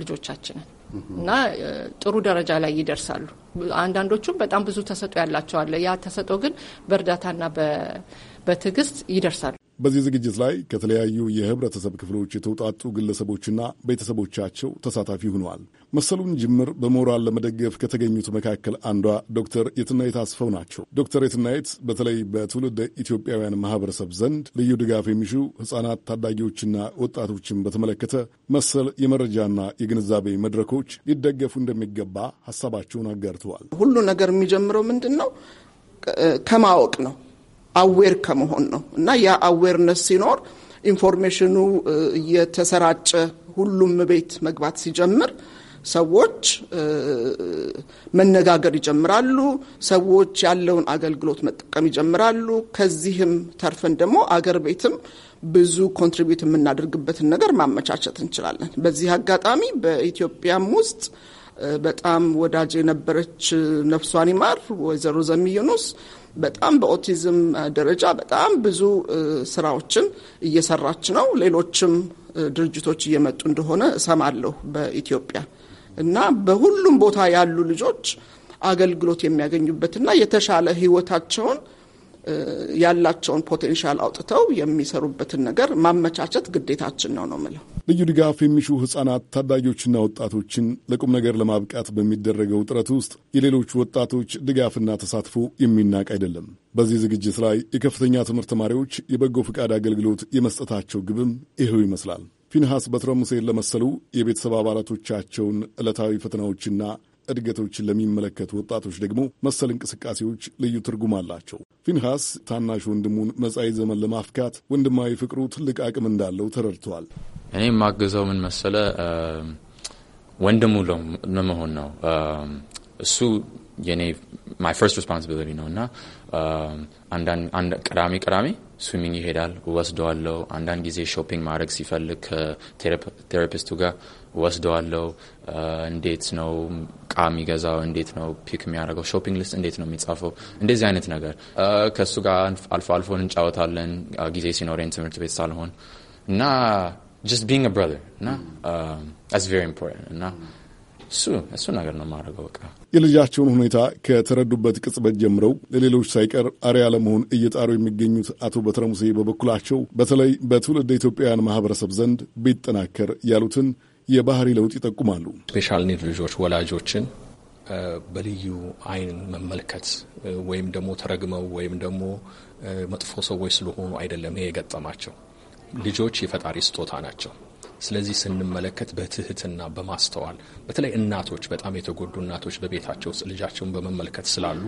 ልጆቻችንን እና ጥሩ ደረጃ ላይ ይደርሳሉ። አንዳንዶቹም በጣም ብዙ ተሰጦ ያላቸዋለ ያ ተሰጦ ግን በእርዳታና በትዕግስት ይደርሳሉ። በዚህ ዝግጅት ላይ ከተለያዩ የህብረተሰብ ክፍሎች የተውጣጡ ግለሰቦችና ቤተሰቦቻቸው ተሳታፊ ሆነዋል። መሰሉን ጅምር በሞራል ለመደገፍ ከተገኙት መካከል አንዷ ዶክተር የትናየት አስፈው ናቸው። ዶክተር የትናየት በተለይ በትውልድ ኢትዮጵያውያን ማህበረሰብ ዘንድ ልዩ ድጋፍ የሚሹ ህጻናት፣ ታዳጊዎችና ወጣቶችን በተመለከተ መሰል የመረጃና የግንዛቤ መድረኮች ሊደገፉ እንደሚገባ ሀሳባቸውን አጋርተዋል። ሁሉ ነገር የሚጀምረው ምንድን ነው? ከማወቅ ነው። አዌር ከመሆን ነው እና ያ አዌርነስ ሲኖር ኢንፎርሜሽኑ እየተሰራጨ ሁሉም ቤት መግባት ሲጀምር ሰዎች መነጋገር ይጀምራሉ። ሰዎች ያለውን አገልግሎት መጠቀም ይጀምራሉ። ከዚህም ተርፈን ደግሞ አገር ቤትም ብዙ ኮንትሪቢዩት የምናደርግበትን ነገር ማመቻቸት እንችላለን። በዚህ አጋጣሚ በኢትዮጵያም ውስጥ በጣም ወዳጅ የነበረች ነፍሷን ይማር ወይዘሮ ዘሚ ዩኑስ በጣም በኦቲዝም ደረጃ በጣም ብዙ ስራዎችን እየሰራች ነው። ሌሎችም ድርጅቶች እየመጡ እንደሆነ እሰማለሁ በኢትዮጵያ እና በሁሉም ቦታ ያሉ ልጆች አገልግሎት የሚያገኙበትና የተሻለ ህይወታቸውን ያላቸውን ፖቴንሻል አውጥተው የሚሰሩበትን ነገር ማመቻቸት ግዴታችን ነው ነው ምለው። ልዩ ድጋፍ የሚሹ ህጻናት፣ ታዳጊዎችና ወጣቶችን ለቁም ነገር ለማብቃት በሚደረገው ጥረት ውስጥ የሌሎች ወጣቶች ድጋፍና ተሳትፎ የሚናቅ አይደለም። በዚህ ዝግጅት ላይ የከፍተኛ ትምህርት ተማሪዎች የበጎ ፈቃድ አገልግሎት የመስጠታቸው ግብም ይኸው ይመስላል። ፊንሐስ በትረ ሙሴን ለመሰሉ የቤተሰብ አባላቶቻቸውን ዕለታዊ ፈተናዎችና እድገቶችን ለሚመለከቱ ወጣቶች ደግሞ መሰል እንቅስቃሴዎች ልዩ ትርጉም አላቸው። ፊንሃስ ታናሽ ወንድሙን መጻኢ ዘመን ለማፍካት ወንድማዊ ፍቅሩ ትልቅ አቅም እንዳለው ተረድቷል። እኔ ማገዘው ምን መሰለ ወንድሙ ለመሆን ነው። እሱ የኔ ማይ ፈርስት ሪስፖንሲቢሊቲ ነው እና ቅዳሜ ቅዳሜ ስዊሚንግ ይሄዳል፣ ወስደዋለው። አንዳንድ ጊዜ ሾፒንግ ማድረግ ሲፈልግ ከቴራፒስቱ ጋር ወስደዋለው። እንዴት ነው እቃ የሚገዛው? እንዴት ነው ፒክ የሚያደርገው? ሾፒንግ ሊስት እንዴት ነው የሚጻፈው? እንደዚህ አይነት ነገር ከእሱ ጋር አልፎ አልፎ እንጫወታለን፣ ጊዜ ሲኖረን ትምህርት ቤት ሳልሆን እና just ቢንግ a brother እና that's very important እና እሱ እሱ ነገር ነው የማደርገው። በቃ የልጃቸውን ሁኔታ ከተረዱበት ቅጽበት ጀምረው ለሌሎች ሳይቀር አርያ ለመሆን እየጣሩ የሚገኙት አቶ በትረ በበኩላቸው በተለይ በትውልድ ኢትዮጵያውያን ማህበረሰብ ዘንድ ቢጠናከር ያሉትን የባህሪ ለውጥ ይጠቁማሉ። ስፔሻል ኒድ ልጆች ወላጆችን በልዩ አይን መመልከት ወይም ደግሞ ተረግመው ወይም ደግሞ መጥፎ ሰዎች ስለሆኑ አይደለም ይሄ የገጠማቸው ልጆች የፈጣሪ ስጦታ ናቸው። ስለዚህ ስንመለከት በትህትና በማስተዋል በተለይ እናቶች በጣም የተጎዱ እናቶች በቤታቸው ውስጥ ልጃቸውን በመመልከት ስላሉ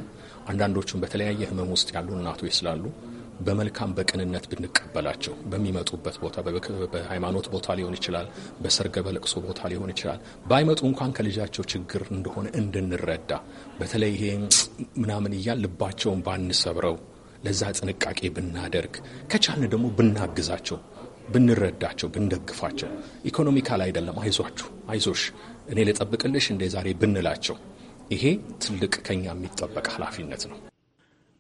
አንዳንዶቹም በተለያየ ህመም ውስጥ ያሉ እናቶች ስላሉ በመልካም በቅንነት ብንቀበላቸው በሚመጡበት ቦታ በሃይማኖት ቦታ ሊሆን ይችላል፣ በሰርገ በለቅሶ ቦታ ሊሆን ይችላል። ባይመጡ እንኳን ከልጃቸው ችግር እንደሆነ እንድንረዳ በተለይ ይሄ ምናምን እያል ልባቸውን ባንሰብረው፣ ለዛ ጥንቃቄ ብናደርግ፣ ከቻልን ደግሞ ብናግዛቸው፣ ብንረዳቸው፣ ብንደግፋቸው ኢኮኖሚካል አይደለም አይዟችሁ፣ አይዞሽ፣ እኔ ልጠብቅልሽ እንደ ዛሬ ብንላቸው ይሄ ትልቅ ከኛ የሚጠበቅ ኃላፊነት ነው።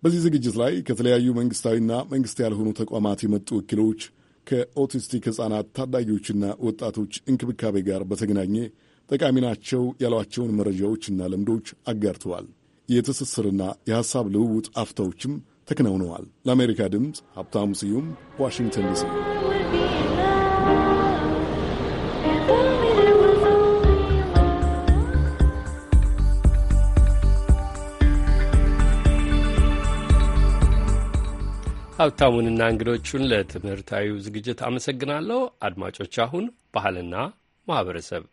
በዚህ ዝግጅት ላይ ከተለያዩ መንግስታዊና መንግስት ያልሆኑ ተቋማት የመጡ ወኪሎች ከኦቲስቲክ ህጻናት ታዳጊዎችና ወጣቶች እንክብካቤ ጋር በተገናኘ ጠቃሚ ናቸው ያሏቸውን መረጃዎችና ልምዶች አጋርተዋል። የትስስርና የሐሳብ ልውውጥ አፍታዎችም ተከናውነዋል። ለአሜሪካ ድምፅ ሀብታሙ ስዩም ዋሽንግተን ዲሲ ሀብታሙንና እንግዶቹን ለትምህርታዊ ዝግጅት አመሰግናለሁ። አድማጮች፣ አሁን ባህልና ማህበረሰብ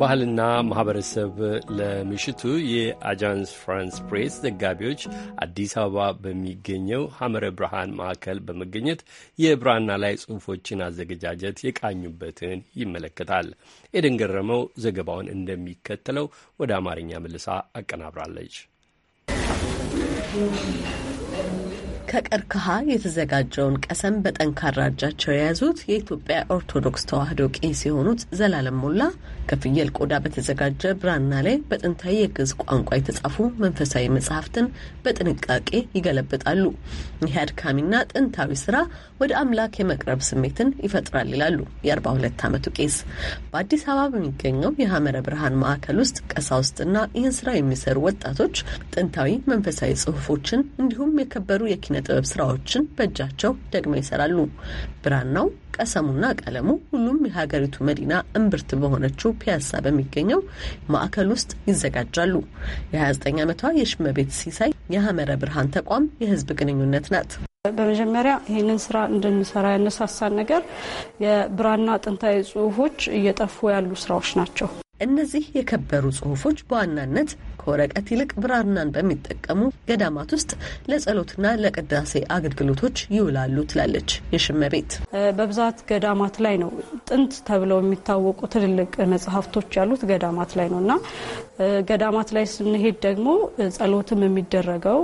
ባህልና ማህበረሰብ ለምሽቱ የአጃንስ ፍራንስ ፕሬስ ዘጋቢዎች አዲስ አበባ በሚገኘው ሐመረ ብርሃን ማዕከል በመገኘት የብራና ላይ ጽሑፎችን አዘገጃጀት የቃኙበትን ይመለከታል። ኤደን ገረመው ዘገባውን እንደሚከተለው ወደ አማርኛ መልሳ አቀናብራለች። ከቀርከሃ የተዘጋጀውን ቀሰም በጠንካራ እጃቸው የያዙት የኢትዮጵያ ኦርቶዶክስ ተዋሕዶ ቄስ የሆኑት ዘላለም ሞላ ከፍየል ቆዳ በተዘጋጀ ብራና ላይ በጥንታዊ የግዕዝ ቋንቋ የተጻፉ መንፈሳዊ መጽሐፍትን በጥንቃቄ ይገለብጣሉ። ይህ አድካሚና ጥንታዊ ስራ ወደ አምላክ የመቅረብ ስሜትን ይፈጥራል ይላሉ ይላሉ። ሁለት ዓመቱ ቄስ። በአዲስ አበባ በሚገኘው የሐመረ ብርሃን ማዕከል ውስጥ ቀሳውስትና ይህን ስራ የሚሰሩ ወጣቶች ጥንታዊ መንፈሳዊ ጽሑፎችን እንዲሁም የከበሩ የኪነ ጥበብ ስራዎችን በእጃቸው ደግመው ይሰራሉ። ብራናው፣ ቀሰሙና ቀለሙ ሁሉም የሀገሪቱ መዲና እምብርት በሆነችው ፒያሳ በሚገኘው ማዕከል ውስጥ ይዘጋጃሉ። የ29 ዓመቷ የሽመቤት ሲሳይ የሐመረ ብርሃን ተቋም የህዝብ ግንኙነት ናት። በመጀመሪያ ይህንን ስራ እንድንሰራ ያነሳሳን ነገር የብራና ጥንታዊ ጽሁፎች እየጠፉ ያሉ ስራዎች ናቸው። እነዚህ የከበሩ ጽሁፎች በዋናነት ከወረቀት ይልቅ ብራናን በሚጠቀሙ ገዳማት ውስጥ ለጸሎትና ለቅዳሴ አገልግሎቶች ይውላሉ ትላለች የሽመ ቤት። በብዛት ገዳማት ላይ ነው። ጥንት ተብለው የሚታወቁ ትልልቅ መጽሐፍቶች ያሉት ገዳማት ላይ ነው እና ገዳማት ላይ ስንሄድ ደግሞ ጸሎትም የሚደረገው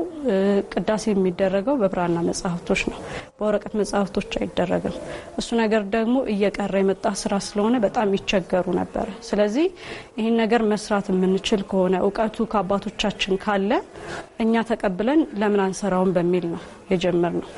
ቅዳሴ የሚደረገው በብራና መጽሐፍቶች ነው። በወረቀት መጽሐፍቶች አይደረግም። እሱ ነገር ደግሞ እየቀረ የመጣ ስራ ስለሆነ በጣም ይቸገሩ ነበር። ስለዚህ ይህን ነገር መስራት የምንችል ከሆነ እውቀቱ ከአባቶቻችን ካለ እኛ ተቀብለን ለምን አንሰራውን በሚል ነው የጀመርነው።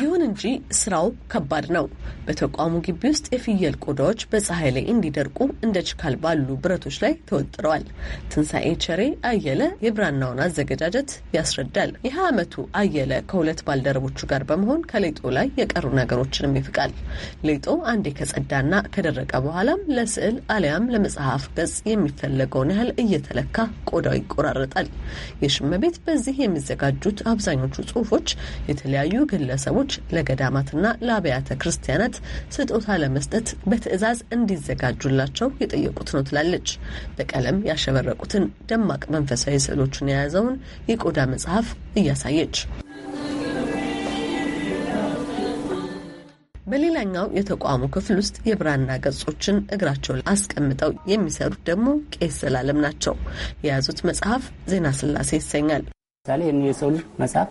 ይሁን እንጂ ስራው ከባድ ነው። በተቋሙ ግቢ ውስጥ የፍየል ቆዳዎች በፀሐይ ላይ እንዲደርቁ እንደ ችካል ባሉ ብረቶች ላይ ተወጥረዋል። ትንሣኤ ቸሬ አየለ የብራናውን አዘገጃጀት ያስረዳል። የሀያ ዓመቱ አየለ ከሁለት ባልደረቦቹ ጋር በመሆን ከሌጦ ላይ የቀሩ ነገሮችንም ይፍቃል። ሌጦ አንዴ ከጸዳና ከደረቀ በኋላም ለስዕል አሊያም ለመጽሐፍ ገጽ የሚፈለገውን ያህል እየተለካ ቆዳው ይቆራረጣል። ቤት በዚህ የሚዘጋጁት አብዛኞቹ ጽሁፎች የተለያዩ ግለሰቦች ለገዳማትና ለአብያተ ክርስቲያናት ለማግኘት ስጦታ ለመስጠት በትዕዛዝ እንዲዘጋጁላቸው የጠየቁት ነው ትላለች። በቀለም ያሸበረቁትን ደማቅ መንፈሳዊ ስዕሎችን የያዘውን የቆዳ መጽሐፍ እያሳየች በሌላኛው የተቋሙ ክፍል ውስጥ የብራና ገጾችን እግራቸው አስቀምጠው የሚሰሩት ደግሞ ቄስ ዘላለም ናቸው። የያዙት መጽሐፍ ዜና ስላሴ ይሰኛል። ምሳሌ የሰው ልጅ መጽሐፍ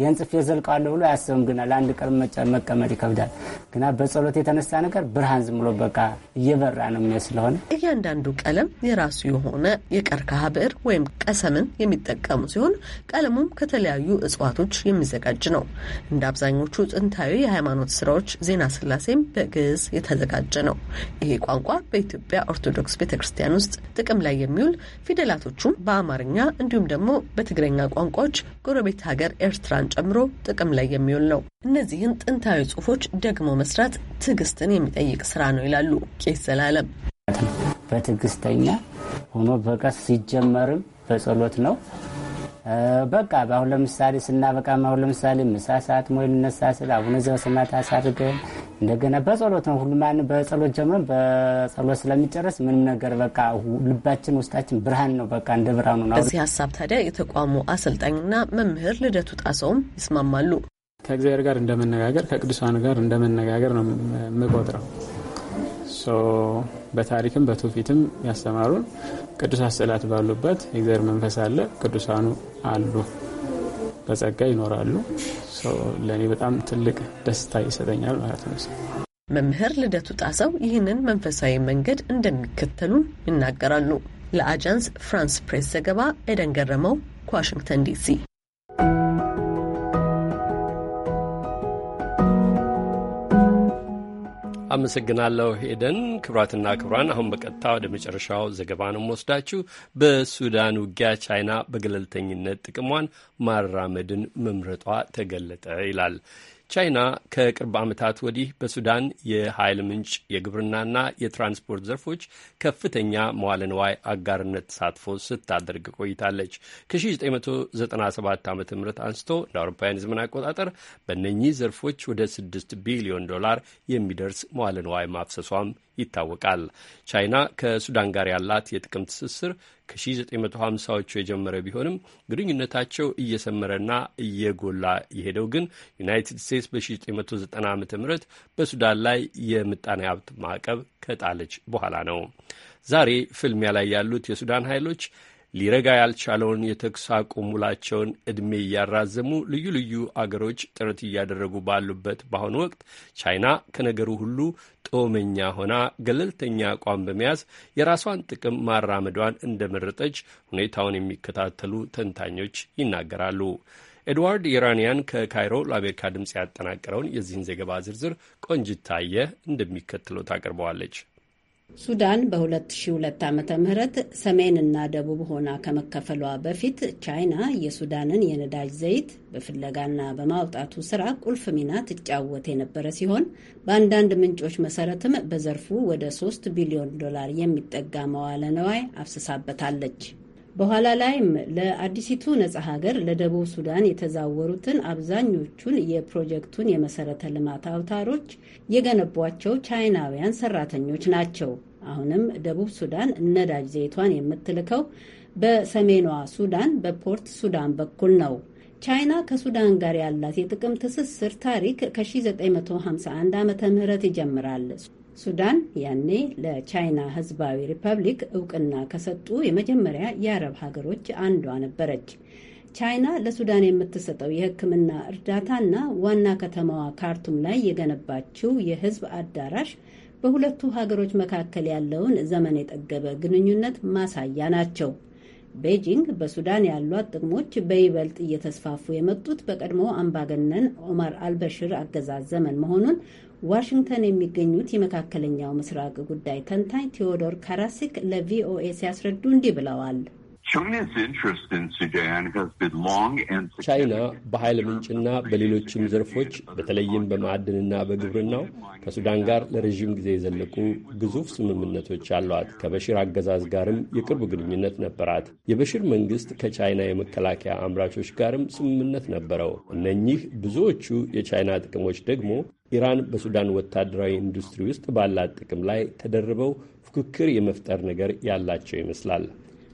ይህን ጽፌ ዘልቃለሁ ብሎ አያስብም። ግና ለአንድ ቀን መቀመጥ ይከብዳል። ግና በጸሎት የተነሳ ነገር ብርሃን ዝም ብሎ በቃ እየበራ ነው የሚያ ስለሆነ እያንዳንዱ ቀለም የራሱ የሆነ የቀርከሃ ብዕር ወይም ቀሰምን የሚጠቀሙ ሲሆን ቀለሙም ከተለያዩ እጽዋቶች የሚዘጋጅ ነው። እንደ አብዛኞቹ ጥንታዊ የሃይማኖት ስራዎች ዜና ስላሴም በግዕዝ የተዘጋጀ ነው። ይሄ ቋንቋ በኢትዮጵያ ኦርቶዶክስ ቤተ ክርስቲያን ውስጥ ጥቅም ላይ የሚውል ፊደላቶቹም በአማርኛ እንዲሁም ደግሞ በትግረኛ ቋንቋዎች ጎረቤት ሀገር ኤርትራ አሻራን ጨምሮ ጥቅም ላይ የሚውል ነው። እነዚህን ጥንታዊ ጽሁፎች ደግሞ መስራት ትዕግስትን የሚጠይቅ ስራ ነው ይላሉ ቄስ ዘላለም። በትዕግስተኛ ሆኖ በቀስ ሲጀመርም በጸሎት ነው በቃ በአሁን ለምሳሌ ስናበቃ አሁን ለምሳሌ ምሳ ሰዓት ሞ ልነሳ ስል አቡነ ዘበሰማያት አሳርገን እንደገና በጸሎት ነው ሁሉ ማን በጸሎት ጀምረን በጸሎት ስለሚጨረስ ምንም ነገር በቃ ልባችን ውስጣችን ብርሃን ነው በቃ እንደ ብርሃኑ ነው። በዚህ ሀሳብ ታዲያ የተቋሙ አሰልጣኝና መምህር ልደቱ ጣሰውም ይስማማሉ። ከእግዚአብሔር ጋር እንደመነጋገር ከቅዱሳን ጋር እንደመነጋገር ነው የምቆጥረው በታሪክም በትውፊትም ያስተማሩን ቅዱሳት ስዕላት ባሉበት የእግዚአብሔር መንፈስ አለ። ቅዱሳኑ አሉ፣ በጸጋ ይኖራሉ። ለእኔ በጣም ትልቅ ደስታ ይሰጠኛል ማለት ነው። መምህር ልደቱ ጣሰው ይህንን መንፈሳዊ መንገድ እንደሚከተሉ ይናገራሉ። ለአጃንስ ፍራንስ ፕሬስ ዘገባ ኤደን ገረመው ከዋሽንግተን ዲሲ አመሰግናለሁ ሄደን። ክብራትና ክብራን አሁን በቀጥታ ወደ መጨረሻው ዘገባ ነው የምወስዳችሁ። በሱዳን ውጊያ ቻይና በገለልተኝነት ጥቅሟን ማራመድን መምረጧ ተገለጠ ይላል። ቻይና ከቅርብ ዓመታት ወዲህ በሱዳን የኃይል ምንጭ፣ የግብርናና የትራንስፖርት ዘርፎች ከፍተኛ መዋለ ንዋይ አጋርነት ተሳትፎ ስታደርግ ቆይታለች። ከ1997 ዓ ም አንስቶ እንደ አውሮፓውያን ዘመን አቆጣጠር በእነኚህ ዘርፎች ወደ 6 ቢሊዮን ዶላር የሚደርስ መዋለ ንዋይ ማፍሰሷም ይታወቃል። ቻይና ከሱዳን ጋር ያላት የጥቅም ትስስር ከ1950ዎቹ የጀመረ ቢሆንም ግንኙነታቸው እየሰመረና እየጎላ የሄደው ግን ዩናይትድ ስቴትስ በ1990 ዓ ም በሱዳን ላይ የምጣኔ ሀብት ማዕቀብ ከጣለች በኋላ ነው። ዛሬ ፍልሚያ ላይ ያሉት የሱዳን ኃይሎች ሊረጋ ያልቻለውን የተኩስ አቁም ውላቸውን ዕድሜ እያራዘሙ ልዩ ልዩ አገሮች ጥረት እያደረጉ ባሉበት በአሁኑ ወቅት ቻይና ከነገሩ ሁሉ ጦመኛ ሆና ገለልተኛ አቋም በመያዝ የራሷን ጥቅም ማራመዷን እንደመረጠች ሁኔታውን የሚከታተሉ ተንታኞች ይናገራሉ። ኤድዋርድ ኢራንያን ከካይሮ ለአሜሪካ ድምፅ ያጠናቀረውን የዚህን ዘገባ ዝርዝር ቆንጅታየ እንደሚከትለው ታቀርበዋለች። ሱዳን በ2002 ም ሰሜንና ደቡብ ሆና ከመከፈሏ በፊት ቻይና የሱዳንን የነዳጅ ዘይት በፍለጋና በማውጣቱ ስራ ቁልፍ ሚና ትጫወት የነበረ ሲሆን በአንዳንድ ምንጮች መሰረትም በዘርፉ ወደ 3 ቢሊዮን ዶላር የሚጠጋ መዋለ ነዋይ አፍስሳበታለች። በኋላ ላይም ለአዲሲቱ ነጻ ሀገር ለደቡብ ሱዳን የተዛወሩትን አብዛኞቹን የፕሮጀክቱን የመሰረተ ልማት አውታሮች የገነቧቸው ቻይናውያን ሰራተኞች ናቸው። አሁንም ደቡብ ሱዳን ነዳጅ ዘይቷን የምትልከው በሰሜኗ ሱዳን በፖርት ሱዳን በኩል ነው። ቻይና ከሱዳን ጋር ያላት የጥቅም ትስስር ታሪክ ከ1951 ዓ ም ይጀምራል። ሱዳን ያኔ ለቻይና ህዝባዊ ሪፐብሊክ እውቅና ከሰጡ የመጀመሪያ የአረብ ሀገሮች አንዷ ነበረች። ቻይና ለሱዳን የምትሰጠው የሕክምና እርዳታና ዋና ከተማዋ ካርቱም ላይ የገነባችው የህዝብ አዳራሽ በሁለቱ ሀገሮች መካከል ያለውን ዘመን የጠገበ ግንኙነት ማሳያ ናቸው። ቤጂንግ በሱዳን ያሏት ጥቅሞች በይበልጥ እየተስፋፉ የመጡት በቀድሞ አምባገነን ኦማር አልበሽር አገዛዝ ዘመን መሆኑን ዋሽንግተን የሚገኙት የመካከለኛው ምስራቅ ጉዳይ ተንታኝ ቴዎዶር ካራሲክ ለቪኦኤ ሲያስረዱ እንዲህ ብለዋል። ቻይና በኃይል ምንጭና በሌሎችም ዘርፎች በተለይም በማዕድንና በግብርናው ከሱዳን ጋር ለረዥም ጊዜ የዘለቁ ግዙፍ ስምምነቶች አሏት። ከበሽር አገዛዝ ጋርም የቅርብ ግንኙነት ነበራት። የበሽር መንግስት ከቻይና የመከላከያ አምራቾች ጋርም ስምምነት ነበረው። እነኚህ ብዙዎቹ የቻይና ጥቅሞች ደግሞ ኢራን በሱዳን ወታደራዊ ኢንዱስትሪ ውስጥ ባላት ጥቅም ላይ ተደርበው ፉክክር የመፍጠር ነገር ያላቸው ይመስላል።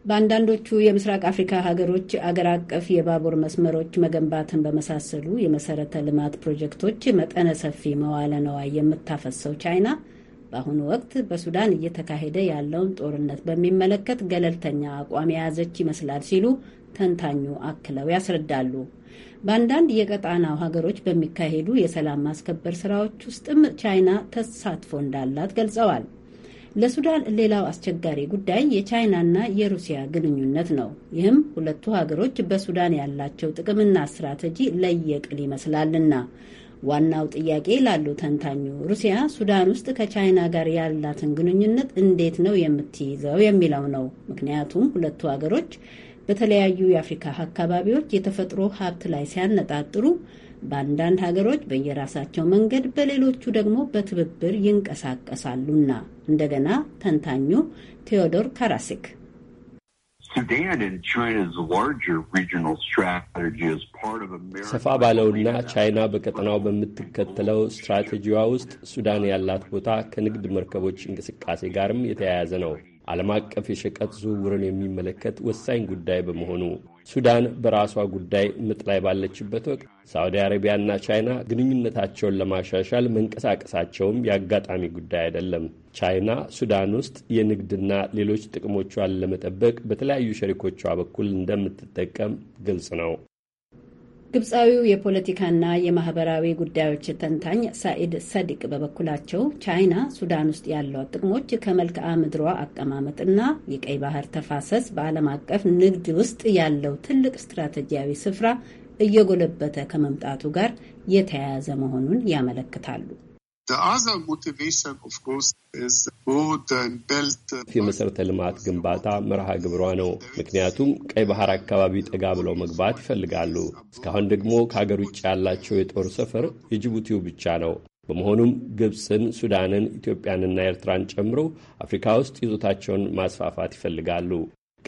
በአንዳንዶቹ የምስራቅ አፍሪካ ሀገሮች አገር አቀፍ የባቡር መስመሮች መገንባትን በመሳሰሉ የመሰረተ ልማት ፕሮጀክቶች መጠነ ሰፊ መዋለ ነዋይ የምታፈሰው ቻይና በአሁኑ ወቅት በሱዳን እየተካሄደ ያለውን ጦርነት በሚመለከት ገለልተኛ አቋም የያዘች ይመስላል ሲሉ ተንታኙ አክለው ያስረዳሉ። በአንዳንድ የቀጣናው ሀገሮች በሚካሄዱ የሰላም ማስከበር ስራዎች ውስጥም ቻይና ተሳትፎ እንዳላት ገልጸዋል። ለሱዳን ሌላው አስቸጋሪ ጉዳይ የቻይናና የሩሲያ ግንኙነት ነው። ይህም ሁለቱ ሀገሮች በሱዳን ያላቸው ጥቅምና ስትራቴጂ ለየቅል ይመስላልና ዋናው ጥያቄ ላሉ ተንታኙ፣ ሩሲያ ሱዳን ውስጥ ከቻይና ጋር ያላትን ግንኙነት እንዴት ነው የምትይዘው የሚለው ነው። ምክንያቱም ሁለቱ ሀገሮች በተለያዩ የአፍሪካ አካባቢዎች የተፈጥሮ ሀብት ላይ ሲያነጣጥሩ በአንዳንድ ሀገሮች በየራሳቸው መንገድ በሌሎቹ ደግሞ በትብብር ይንቀሳቀሳሉና። እንደገና ተንታኙ ቴዎዶር ካራሲክ ሰፋ ባለውና ቻይና በቀጠናው በምትከተለው ስትራቴጂዋ ውስጥ ሱዳን ያላት ቦታ ከንግድ መርከቦች እንቅስቃሴ ጋርም የተያያዘ ነው። ዓለም አቀፍ የሸቀጥ ዝውውርን የሚመለከት ወሳኝ ጉዳይ በመሆኑ ሱዳን በራሷ ጉዳይ ምጥ ላይ ባለችበት ወቅት ሳዑዲ አረቢያና ቻይና ግንኙነታቸውን ለማሻሻል መንቀሳቀሳቸውም የአጋጣሚ ጉዳይ አይደለም። ቻይና ሱዳን ውስጥ የንግድና ሌሎች ጥቅሞቿን ለመጠበቅ በተለያዩ ሸሪኮቿ በኩል እንደምትጠቀም ግልጽ ነው። ግብፃዊው የፖለቲካና የማህበራዊ ጉዳዮች ተንታኝ ሳኢድ ሰዲቅ በበኩላቸው ቻይና ሱዳን ውስጥ ያሏት ጥቅሞች ከመልክዓ ምድሯ አቀማመጥና የቀይ ባህር ተፋሰስ በዓለም አቀፍ ንግድ ውስጥ ያለው ትልቅ ስትራቴጂያዊ ስፍራ እየጎለበተ ከመምጣቱ ጋር የተያያዘ መሆኑን ያመለክታሉ። The other motivation, of course, is road and belt. የመሰረተ uh, ልማት ግንባታ መርሃ ግብሯ ነው። ምክንያቱም ቀይ ባህር አካባቢ ጠጋ ብለው መግባት ይፈልጋሉ። እስካሁን ደግሞ ከሀገር ውጭ ያላቸው የጦር ሰፈር የጅቡቲው ብቻ ነው። በመሆኑም ግብፅን፣ ሱዳንን፣ ኢትዮጵያንና ኤርትራን ጨምሮ አፍሪካ ውስጥ ይዞታቸውን ማስፋፋት ይፈልጋሉ።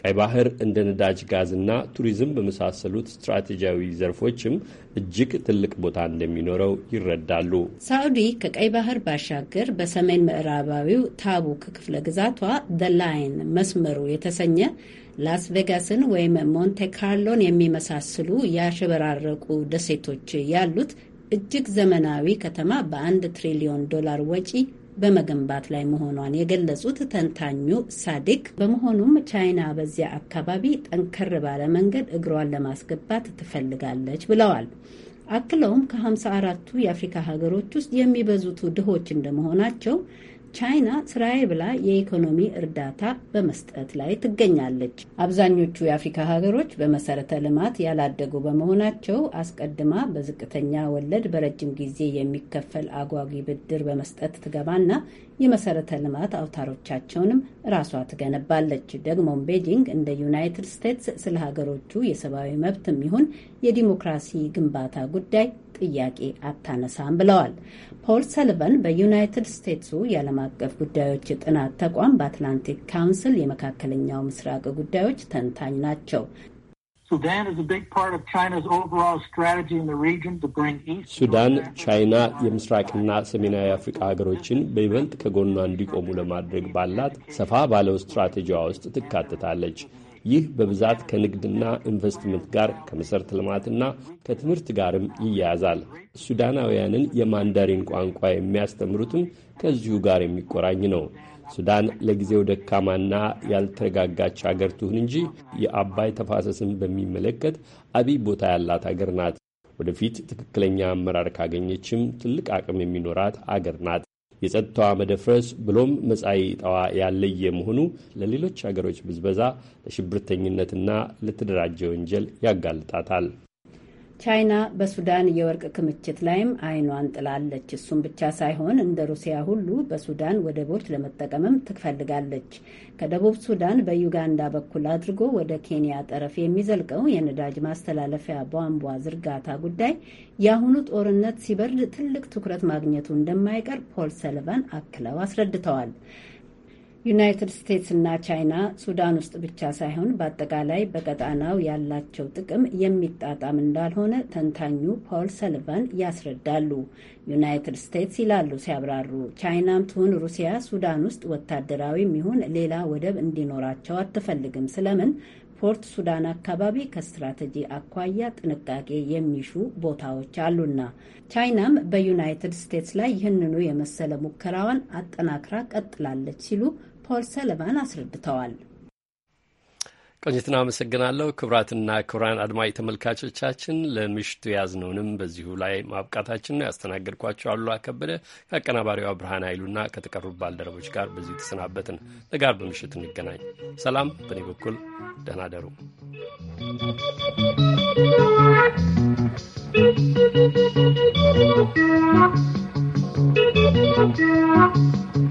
ቀይ ባህር እንደ ነዳጅ ጋዝና ቱሪዝም በመሳሰሉት ስትራቴጂያዊ ዘርፎችም እጅግ ትልቅ ቦታ እንደሚኖረው ይረዳሉ። ሳዑዲ ከቀይ ባህር ባሻገር በሰሜን ምዕራባዊው ታቡክ ክፍለ ግዛቷ ደ ላይን መስመሩ የተሰኘ ላስ ቬጋስን ወይም ሞንቴ ካርሎን የሚመሳስሉ ያሸበራረቁ ደሴቶች ያሉት እጅግ ዘመናዊ ከተማ በአንድ ትሪሊዮን ዶላር ወጪ በመገንባት ላይ መሆኗን የገለጹት ተንታኙ ሳዲክ፣ በመሆኑም ቻይና በዚያ አካባቢ ጠንከር ባለ መንገድ እግሯን ለማስገባት ትፈልጋለች ብለዋል። አክለውም ከ54ቱ የአፍሪካ ሀገሮች ውስጥ የሚበዙቱ ድሆች እንደመሆናቸው ቻይና ስራዬ ብላ የኢኮኖሚ እርዳታ በመስጠት ላይ ትገኛለች። አብዛኞቹ የአፍሪካ ሀገሮች በመሰረተ ልማት ያላደጉ በመሆናቸው አስቀድማ በዝቅተኛ ወለድ በረጅም ጊዜ የሚከፈል አጓጊ ብድር በመስጠት ትገባና የመሰረተ ልማት አውታሮቻቸውንም ራሷ ትገነባለች። ደግሞም ቤጂንግ እንደ ዩናይትድ ስቴትስ ስለ ሀገሮቹ የሰብአዊ መብትም ይሁን የዲሞክራሲ ግንባታ ጉዳይ ጥያቄ አታነሳም ብለዋል። ፖል ሰልቨን በዩናይትድ ስቴትሱ የዓለም አቀፍ ጉዳዮች ጥናት ተቋም በአትላንቲክ ካውንስል የመካከለኛው ምስራቅ ጉዳዮች ተንታኝ ናቸው። ሱዳን ቻይና የምስራቅና ሰሜናዊ አፍሪቃ ሀገሮችን በይበልጥ ከጎኗ እንዲቆሙ ለማድረግ ባላት ሰፋ ባለው ስትራቴጂዋ ውስጥ ትካትታለች ይህ በብዛት ከንግድና ኢንቨስትመንት ጋር ከመሠረተ ልማትና ከትምህርት ጋርም ይያያዛል። ሱዳናውያንን የማንዳሪን ቋንቋ የሚያስተምሩትም ከዚሁ ጋር የሚቆራኝ ነው። ሱዳን ለጊዜው ደካማና ያልተረጋጋች አገር ትሁን እንጂ የአባይ ተፋሰስን በሚመለከት አብይ ቦታ ያላት አገር ናት። ወደፊት ትክክለኛ አመራር ካገኘችም ትልቅ አቅም የሚኖራት አገር ናት። የጸጥታዋ መደፍረስ ብሎም መጻኢ ዕጣዋ ያለየ መሆኑ ለሌሎች አገሮች ብዝበዛ፣ ለሽብርተኝነትና ለተደራጀ ወንጀል ያጋልጣታል። ቻይና በሱዳን የወርቅ ክምችት ላይም አይኗን ጥላለች። እሱም ብቻ ሳይሆን እንደ ሩሲያ ሁሉ በሱዳን ወደቦች ለመጠቀምም ትፈልጋለች። ከደቡብ ሱዳን በዩጋንዳ በኩል አድርጎ ወደ ኬንያ ጠረፍ የሚዘልቀው የነዳጅ ማስተላለፊያ ቧንቧ ዝርጋታ ጉዳይ የአሁኑ ጦርነት ሲበርድ ትልቅ ትኩረት ማግኘቱ እንደማይቀር ፖል ሰልቫን አክለው አስረድተዋል። ዩናይትድ ስቴትስ እና ቻይና ሱዳን ውስጥ ብቻ ሳይሆን በአጠቃላይ በቀጣናው ያላቸው ጥቅም የሚጣጣም እንዳልሆነ ተንታኙ ፖል ሰልቫን ያስረዳሉ። ዩናይትድ ስቴትስ ይላሉ ሲያብራሩ፣ ቻይናም ትሁን ሩሲያ ሱዳን ውስጥ ወታደራዊም ይሁን ሌላ ወደብ እንዲኖራቸው አትፈልግም። ስለምን ፖርት ሱዳን አካባቢ ከስትራቴጂ አኳያ ጥንቃቄ የሚሹ ቦታዎች አሉና፣ ቻይናም በዩናይትድ ስቴትስ ላይ ይህንኑ የመሰለ ሙከራዋን አጠናክራ ቀጥላለች ሲሉ ፖል ሰለቫን አስረድተዋል። ቆንጅትና አመሰግናለሁ። ክቡራትና ክቡራን አድማጭ ተመልካቾቻችን ለምሽቱ ነውንም በዚሁ ላይ ማብቃታችን ነው። ያስተናገድኳቸው አሉላ ከበደ ከአቀናባሪዋ ብርሃን ኃይሉና ከተቀሩ ባልደረቦች ጋር በዚሁ ተሰናበትን። ለጋር በምሽት እንገናኝ። ሰላም፣ በእኔ በኩል ደህና ደሩ።